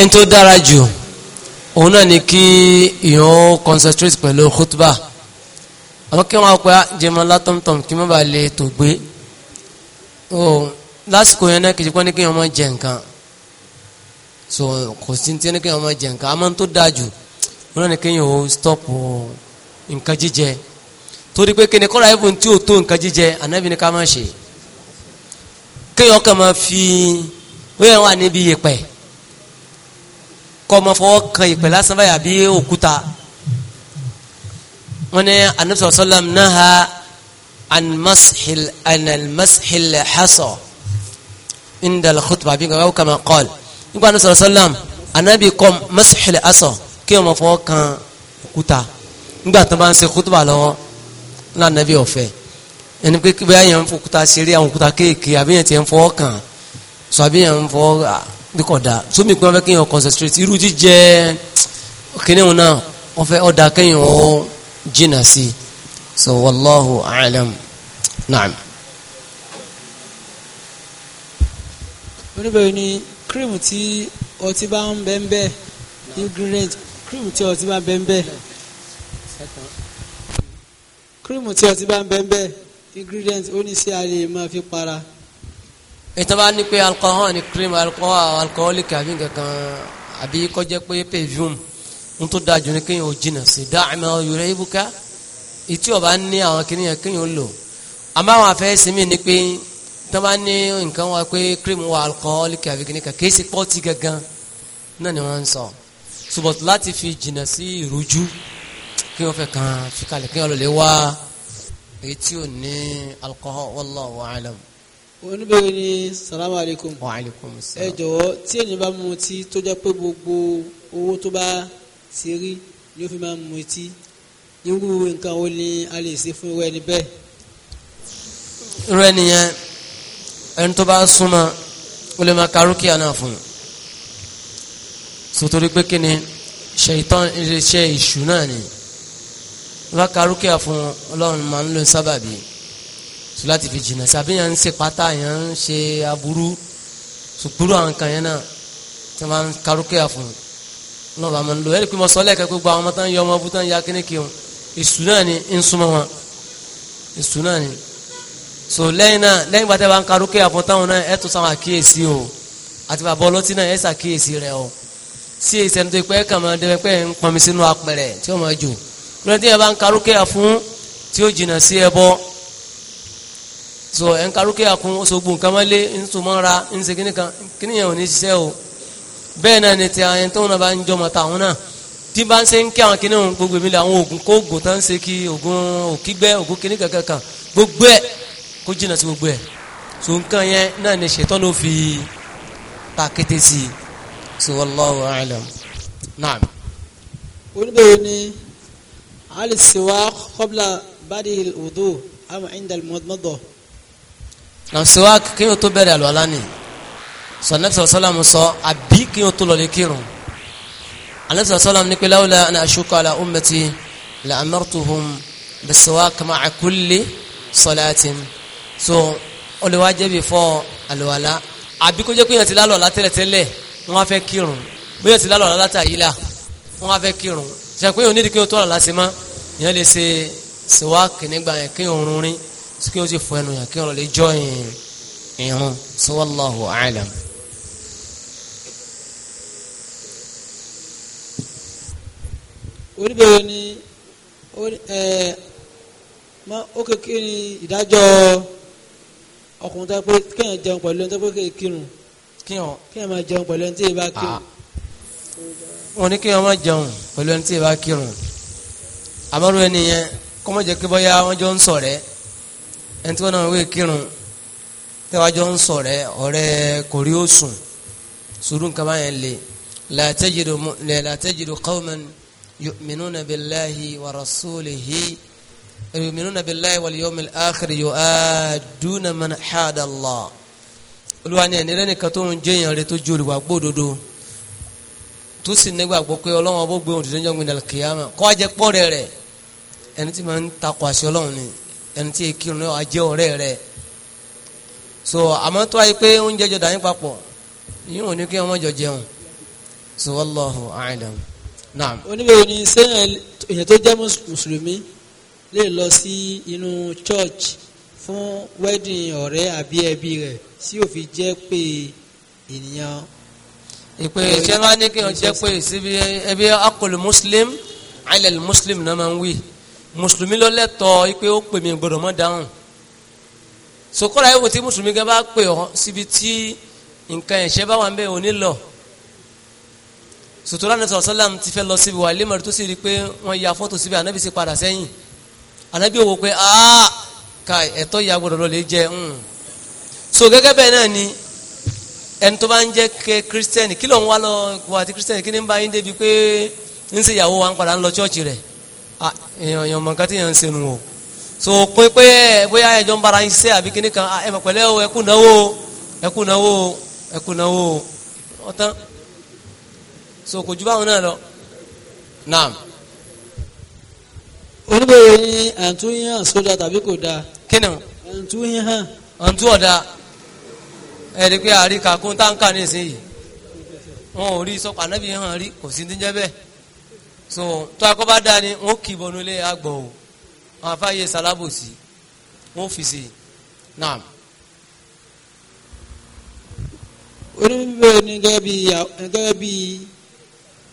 ẹni tó dára jù òun náà ni kí èèyàn concentrate pẹ̀lú kútbà àwọn kí wọ́n á pẹ́ jẹ́ máa lá tọ́mtọ́m kí wọ́n bá lè tò gbé lásìkò yẹn náà kìí pọ́n ní kí wọ́n máa jẹ nǹkan so kò sí ní kí wọ́n máa jẹ nǹkan àmọ́ tó dáa jù wọ́n náà ní kí wọ́n stop nǹkan jíjẹ torí pé kí ni kọ́ra ẹ̀fọn tí ò tó nǹkan jíjẹ ànábì ni ká máa ṣe kéèyàn kàn máa fi wíwẹ̀ wà níbi ìpẹ́ kọ́ máa fọwọ́ kan ìpẹ́ lásán báyà bí òkúta wọ́n ní anabi sọ́lá náà ha an masihil an hasọ̀ indal khutba àbí nǹkan kama qal nígbà ní sọ̀rọ̀ sọ́lám anábì kọ́ mẹ́sìlẹ̀ asọ̀ kí wọ́n fọ́ kan òkúta nígbà tó bá ń ṣe khutba lọ́wọ́ lánàbì ọ̀fẹ́ ẹni pé bóyá yẹn ń fọ òkúta ṣeré àwọn òkúta kéèké àbí yẹn ti ń fọ́ kàn sọ àbí yẹn ń fọ́ bíkọ̀dà sómi pé wọ́n fẹ́ kí yẹn concentrate irú jíjẹ kìnìún náà wọ́n fẹ́ ọ̀dà kẹ́yìn ó jìnnà sí so wallahu a'lam na'am. oníbẹ̀rẹ̀ ni cream tí ọtí bá ń bẹ́ ń bẹ́ ingredient cream tí ọtí bá ń bẹ́ ń bẹ́ cream tí ọtí bá ń bẹ́ ingredient ó ní sí a máa fi para. ìtàn bá ní pé alcohol ni cream alcohol alcoholic àbí nǹkan kan àbí kó jẹ́ pé perfume ń tó dájú ni kéèyàn ò jìnnà sí dáàmì ọ̀yọ́rẹ́ ibùká ìtí ọba ní àwọn kìnìyàn kéèyàn ó lò àmọ́ àwọn afẹ́sìn mi ni pé tó bá ní nǹkan wa pé cream wa alcoholic àbí kìnnìkan kì í ṣe pọ́ọ̀tì gangan náà ni wọ́n ń sọ ṣùgbọ́n láti fi jìnnà sí ìrújú kí wọ́n fẹ́ kàn fi kalẹ̀ kí wọ́n lè wá èyí tí ò ní alcohol wallahu alam oníbẹ̀rẹ̀ ni salamu alaikum wa alaikum salam ẹ jọ̀wọ́ tí ènìyàn bá mu tí tó jẹ́ pé gbogbo owó tó bá ti rí ni ó fi máa mu tí irú nǹkan wo ni a lè ṣe fún irú ẹni bẹ́ẹ̀. irú ẹni yẹn ẹni tó bá súnmọ́ ó lè máa ka rúkìá fún un sotori pé kí ni ṣèyítán iṣẹ́ ìṣù náà ni wọ́n bá ka rúkìá fún ọlọ́run máa ń lo sábàbí tó láti fi jìnnà sí àbíyàn ń ṣe pátá yẹn ń ṣe aburú sùpúrú àwọn kan yẹn náà tí wọ́n bá ń ka rúkìá fún un náà máa ń lo ẹni pé mo sọ lẹ́ẹ̀kẹ́ gbogbo àwọn ọmọ tán yọ ọmọ bú tán ya kíní ìṣù náà ni ìṣù náà ni so lẹ́yìn náà lẹ́yìn gbàtẹ́ bá ń karókè àfọ̀n táwọn náà ẹ̀ tún sáwọn àkíyèsí o àti bàbá ọlọ́tí náà ẹ̀ sàkíyèsí rẹ o sí ìsẹ̀nu tó pẹ́ kàmá dẹ́gbẹ́ pẹ́ ń pọnmi sínú apẹ̀rẹ̀ tí ó máa jò lọ́dún tí yẹn bá ń karókè àfún tí ó jìnnà sí ẹbọ so ẹ̀ ń karókè àfún oṣogbó nǹkan máa lé ń so máa ra ń ṣe kíní kan kíní yẹn ò ní ṣiṣẹ́ o bẹ́ẹ̀ náà ni ti àyẹn tó náà bá ń kó jìnnà sí gbogbo ẹ̀ so nǹkan yẹn náà ni ṣètọ́ ló fi ta kété sí i so wallahu a'lam naam. oníbẹ̀rẹ̀ ni alisiwa qabla badi wudu ama indal mọdọ. lànṣẹ́wá kéèyàn tó bẹ̀rẹ̀ àlọ́ alání sọ̀nẹ́fẹ̀ sọ́lámù sọ àbí kéèyàn tó lọ́lé kírun alẹ́fẹ̀ sọ́lámù ní pé láwùlẹ̀ ana ashuka ala ummati la amartuhum bisiwa kama akulli salatin so ó lè wá jẹ́ bí fọ́ àlùwàlá àbí kó jẹ́ pé èèyàn ti lálùwàlá tẹ́lẹ̀tẹ́lẹ̀ wọ́n á fẹ́ kírun bí èèyàn ti lálùwàlá látàyílà wọ́n á fẹ́ kírun ṣe pé onídìí kí o tó àlùwàlá sí mọ́ èèyàn lè ṣe síwáàkì nígbà yẹn kí òun rin kí o sì fọ ẹnu yẹn kí òun lè jọ ìrun sí wallahu a'lam. oníbẹ̀rẹ̀ ni ó kékeré ìdájọ́ ọkùnrin tó pé kéèyàn jẹun pẹ̀lú ẹni tó pé kéèyàn kírun kéèyàn máa jẹun pẹ̀lú ẹni tí èèyàn bá kírun. wọn ah. ní kéèyàn máa jẹun pẹ̀lú ẹni tí èèyàn bá kírun àmọ́rú ẹni yẹn kó má jẹ́ pé bóyá wọ́n jọ ń ṣọ̀rẹ́ ẹni tí wọ́n náà wé kírun tẹ́wọ́n jọ ń ṣọ̀rẹ́ ọ̀rẹ́ kò rí òsùn sùúrù nǹkan báyẹn lè la tajidu qawman yu'minuna billahi wa rasulihi yu'minuna billahi wal yawmil akhir yu'aduna man hada Allah olúwa ni ẹni rẹ́nìkan tó ń jẹ́yàn rẹ tó ju olùgbàgbọ́ òdodo tó sì nígbàgbọ́ pé ọlọ́run ọbọ̀ gbé òdìdó jọ́ gbìndàlù kìyàmà kọ́ ajẹ́ pọ́ rẹ̀ ẹni tí máa ń takò àṣẹ ọlọ́run ni ẹni tí èkìrun náà ajẹ́ ọ̀rẹ́ rẹ̀ so àmọ́ tó ayé pé oúnjẹ jọ dání papọ̀ yìí ò ní kí wọ́n jọ jẹun so wallahu a'lam naam. oníbẹ̀wò ni sẹ́yìn èèyàn tó jẹ́ mùsùlùmí lè lọ sí inú church fún wedding ọ̀rẹ́ àbí ẹbí rẹ̀ tí ò fi jẹ́ pé ènìyàn. ìpè ṣé wọn ní kí wọn jẹ́ pé síbi ẹbí akọlù muslim alẹ́lẹ́ muslim náà máa ń wí mùsùlùmí ló lẹ́tọ̀ọ́ pé ó pè mí gbọ́dọ̀ mọ́ dáhùn sokola yìí wò tí mùsùlùmí gan bá pè ọ́ síbi tí nǹkan ẹ̀ṣẹ̀ bá wà ń bẹ̀ òní lọ sòtúrà ní sọ̀rọ̀ ti fẹ́ lọ síbi wà lẹ́mọ̀rẹ́ tó sì rí i pé wọ́n ya fọ́tò síbi ànábì sí padà sẹ́yìn ànábì òwò pé aa ka ẹ̀tọ́ ìyá gbọ́dọ̀ lọ lè jẹ ń hmm. so gẹ́gẹ́ bẹ́ẹ̀ náà ni ẹni tó bá ń jẹ́ kẹ kírísítẹ́nì kí ló ń wá lọ wà tí kírísítẹ́nì kí ni ń bá yín débi pé ń ṣe ìyàwó wa ń padà ń lọ chọ́ọ̀chì rẹ̀ ah, èèyàn èèyàn mọ̀ nǹkan tí èèyàn ń ṣe nù o so pé pé bóyá ẹjọ́ ń bára yín ṣe àbí kíní kan ah, ẹ mọ̀ pẹ̀lẹ́ o ẹ kú náwó ẹ kú náwó ẹ náwó ọ̀tán so kò ju báwọn náà lọ naam oníbèrè ní àǹtúyìn hàn sódà tàbí kò dáa. kí ni o. àǹtúyìn hàn. àǹtú ọ̀dà ẹ̀rí pé àríkà kún táǹkà nísìnyí wọn ò rí sọpọ̀ ànábì hàn rí kò sí ní jẹ́ bẹ́ẹ̀ so tó akọ́ bá dáa ni wọn kì í bọnú ilé àgbọ̀ o wọn àfáàyè sálábòsí wọn fi sí i náà. oníbèrè ní gẹ́gẹ́ bí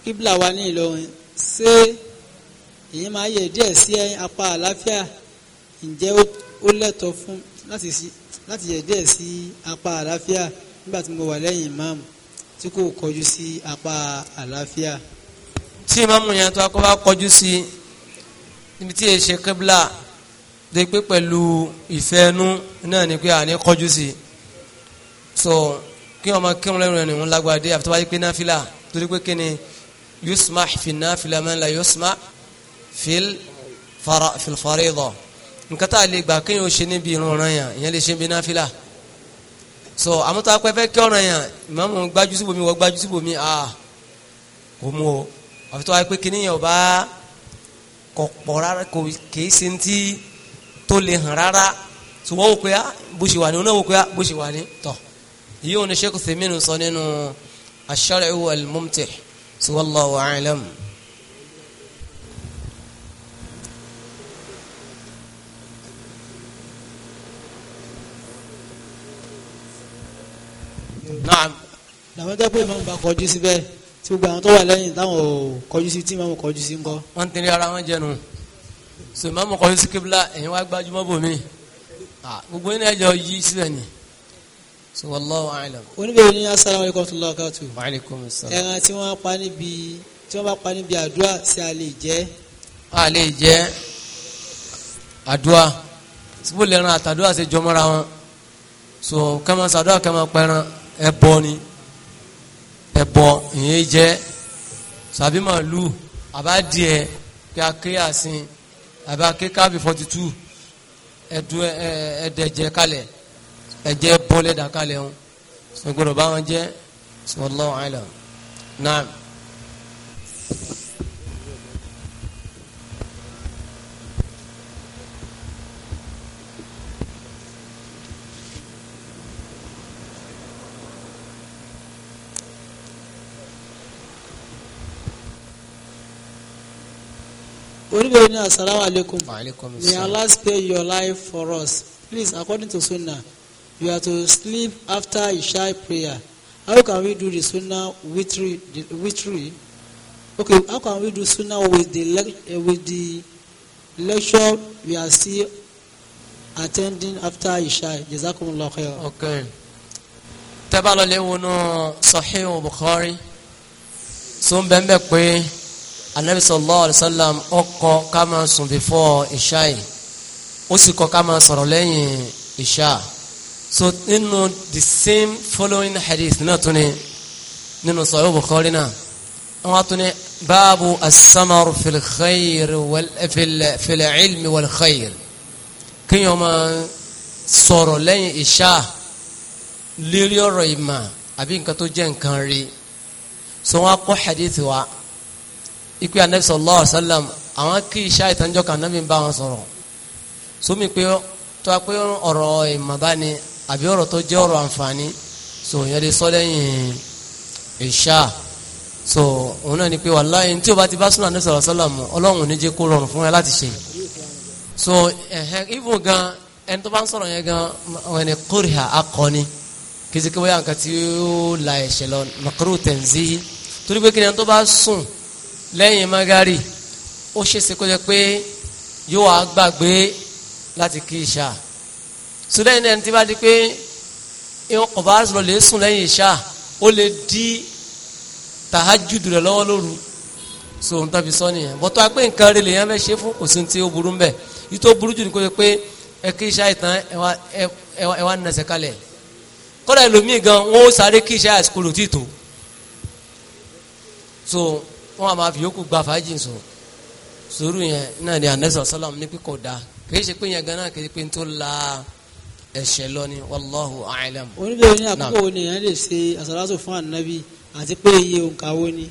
kíbla wa ní Ìlọrin ṣé èyí máa yẹ díẹ̀ sí apá àlàáfíà ǹjẹ́ ó lẹ́tọ̀ọ́ fún láti yẹ díẹ̀ sí apá àlàáfíà nígbà tí mo wà lẹ́yìn ìmáàmù tí kò kọjú sí apá àlàáfíà. tí ìmáàmù yẹn tó akọ́ bá kọjú sí níbi tí èsè kébìlà dé pé pẹ̀lú ìfẹ́ ẹnu náà ni pé àní kọjú sí so kí wọn máa kírun lẹ́nu ẹni wọn lágbàdé àfi tó bá yí torí pé kí ni yusma fi náfìlà man la yusma fil fara fil farida nǹkan tá a lè gbà kéèyàn ó ṣe níbi irun yàn ìyẹn lè ṣe bí náfìlà so àmọ́tọ́ apẹ́fẹ́ kí ọ̀ràn yàn ìmáàmù gbájú síbòmí wọ́n gbájú síbòmí ah kò mú o àfi tó wáyé pé kíní yẹn ò bá kọ̀ pọ̀ rárá kò kìí ṣe ń tí tó le hàn rárá tí wọ́n wò pé bó ṣe wà ní onáwó pé bó ṣe wà ní tọ̀ yìí ò ní Sheikh Uthaymeen sọ nínú Ash-Shar'u wal-Mumti' wallahu a'lam. náà. làwọn tẹ́ pé ìmọ̀ bá kọjú síbẹ̀ tí gbogbo àwọn tó wà lẹ́yìn táwọn ò kọjú sí tí ìmọ̀ kọjú sí ńkọ́. wọ́n ti rí ara wọn jẹnu sọ ìmọ̀ mọ̀ kọjú sí kébìlà ẹ̀yin wá gbájúmọ́ bò mí gbogbo yín ẹ̀jọ̀ yí sílẹ̀ ni. sọ wallahu a'lam. oníbẹ̀rẹ̀ ní assalamu alaykum tó lọ́ọ́ káàtó. wa alaykum assalam. ẹran tí wọ́n pa níbi tí wọ́n bá pa níbi àdúrà sí so kama sàdúrà kama pẹran ẹbọ ni ẹbọ ìyẹn jẹ́ sàbí màlúù àbádìẹ kí a ké àsìn àbá ké káàbì forty two ẹdun ẹdẹjẹ kalẹ̀ ẹjẹ bọ́lẹ̀ dà kalẹ̀ ń sọgbọ́dọ̀ báwọn jẹ́ sọlọ́ọ̀ àìlà náà. oníbẹ̀rẹ̀ asalaamu alaykum may Allah spare your life for us please according to sunnah you are to sleep after Isha prayer how can we do the sunnah with witri okay how can we do sunnah with the uh, with the lecture we are still attending after Isha jazakumullah khair. okay tẹ́bà lọ léwu Bukhari sún bẹ́ẹ̀ bẹ́ẹ̀ anabi sallallahu alayhi wa sallam ọkọ ká máa sùn before ìṣá yìí ó sì kọ ká máa sọ̀rọ̀ lẹ́yìn so nínú the same following hadith náà tún ni nínú sọ̀rọ̀ bukhari náà wọ́n tún ni báàbù asamar fil khayr fil ilmi wal khayr kínyàn máa sọ̀rọ̀ lẹ́yìn ìṣá lérí ọ̀rọ̀ ìmà àbí nǹkan tó jẹ́ nǹkan rí so wọ́n á kọ́ hadith wa ikú anabi sallallahu alaihi wasallam àwọn kí iṣẹ́ ìtànjọ́ kan anabi ń bá wọn sọ̀rọ̀ sómi pé tó a pé ọ̀rọ̀ ìmọ̀ba ni àbí ọ̀rọ̀ tó jẹ́ ọ̀rọ̀ àǹfààní so ìyẹn lè sọ lẹ́yìn ìṣá so òun náà ni pé wàláyé tí o bá ti bá súnà anabi sallallahu alaihi wasallam ọlọ́run ní jẹ́ kó rọrùn fún ẹ láti ṣe so ẹ̀hẹ́n ibùn gan ẹni tó bá ń sọ̀rọ̀ yẹn gan wọn ni kórìhà akọni kìsìkì bóyá nǹkan tí ó la ẹ̀ṣẹ̀ lọ nàkúrò tẹ̀ ń zí torí pé kí ni ẹni tó bá sùn lẹ́yìn magari ó ṣeéṣe kó jẹ pé yóò wá gbàgbé láti kí ìṣá sùdẹ́yìn náà ti bá di pé ọba àzọ̀rọ̀ lè sùn lẹ́yìn ìṣá ó lè di tàhájúdù rẹ̀ lọ́wọ́ lóru so n tàbí sọ nìyẹn bọ́tọ́ a pé nǹkan rẹ̀ lèyàn fẹ́ ṣe fún kò sí ti ó burú ń bẹ̀ yìí tó burú jù ní kó jẹ pé ẹ kí ìṣá ìtàn ẹ wá nàṣẹ kalẹ̀ kọ́dà ẹlòmíì gan wọ́n sáré kí ìṣá àsìkò lò tí ì tó so wọn a máa fi yòókù gba fàájì sùn sùúrù yẹn náà ni anẹ́sọ̀ sálàmù ní pípọ̀ dá kì í ṣe pé yẹn ganan kì í pé n tó la ẹ̀ṣẹ̀ lọ ni wallahu a'lam. oníbẹ̀rẹ̀ ní àkókò wo ni èèyàn lè ṣe àsàlátù fún ànábì àti pé iye òǹkà wo ni.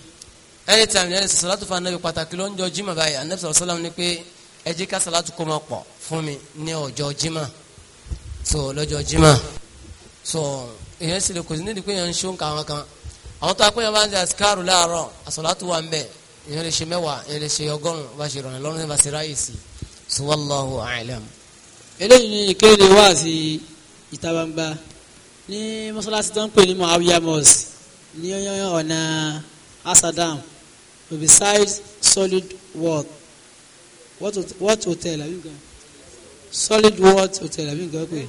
ẹni tí a mìíràn ṣe àsàlátù fún ànábì pàtàkì ló ń jọ jimá báyìí anẹ́sọ̀ sálàmù ní pé ẹ jẹ́ ká àsàlátù kó máa pọ̀ fún mi ní ọjọ́ jimá so lọ́jọ́ jimá so èèyàn sì lè kò sí nídìí àwọn tó akpẹ́yìn bá ń ṣe àsìkáàrù láàárọ̀ àsọ̀látù wà ń bẹ̀ ìyẹn lè ṣe mẹ́wàá ìyẹn lè ṣe ọgọ́rùn-ún bá ṣe rọrùn lọ́rùn bá ṣe ráyè sí i wallahu eléyìí ni ìkéde wá sí ìta ní mọ́ṣáláṣí tó ń pè ní Muawiya Mosque ní ọ̀nà asadam beside solid world what hotel àbí nǹkan solid world hotel àbí nǹkan pè.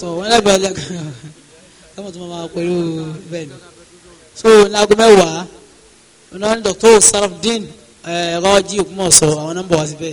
tọ̀ wọ́n lẹ́gbẹ̀ẹ́ lẹ́gbẹ̀ẹ́ kọ́mọ̀ tó máa pẹ̀lú bẹ́ẹ̀ ni so láago mẹ́wàá ọ̀nà dr sarafdin eh, rọ́jí òkúmọ̀sọ àwọn nọ́mbà wá síbẹ̀.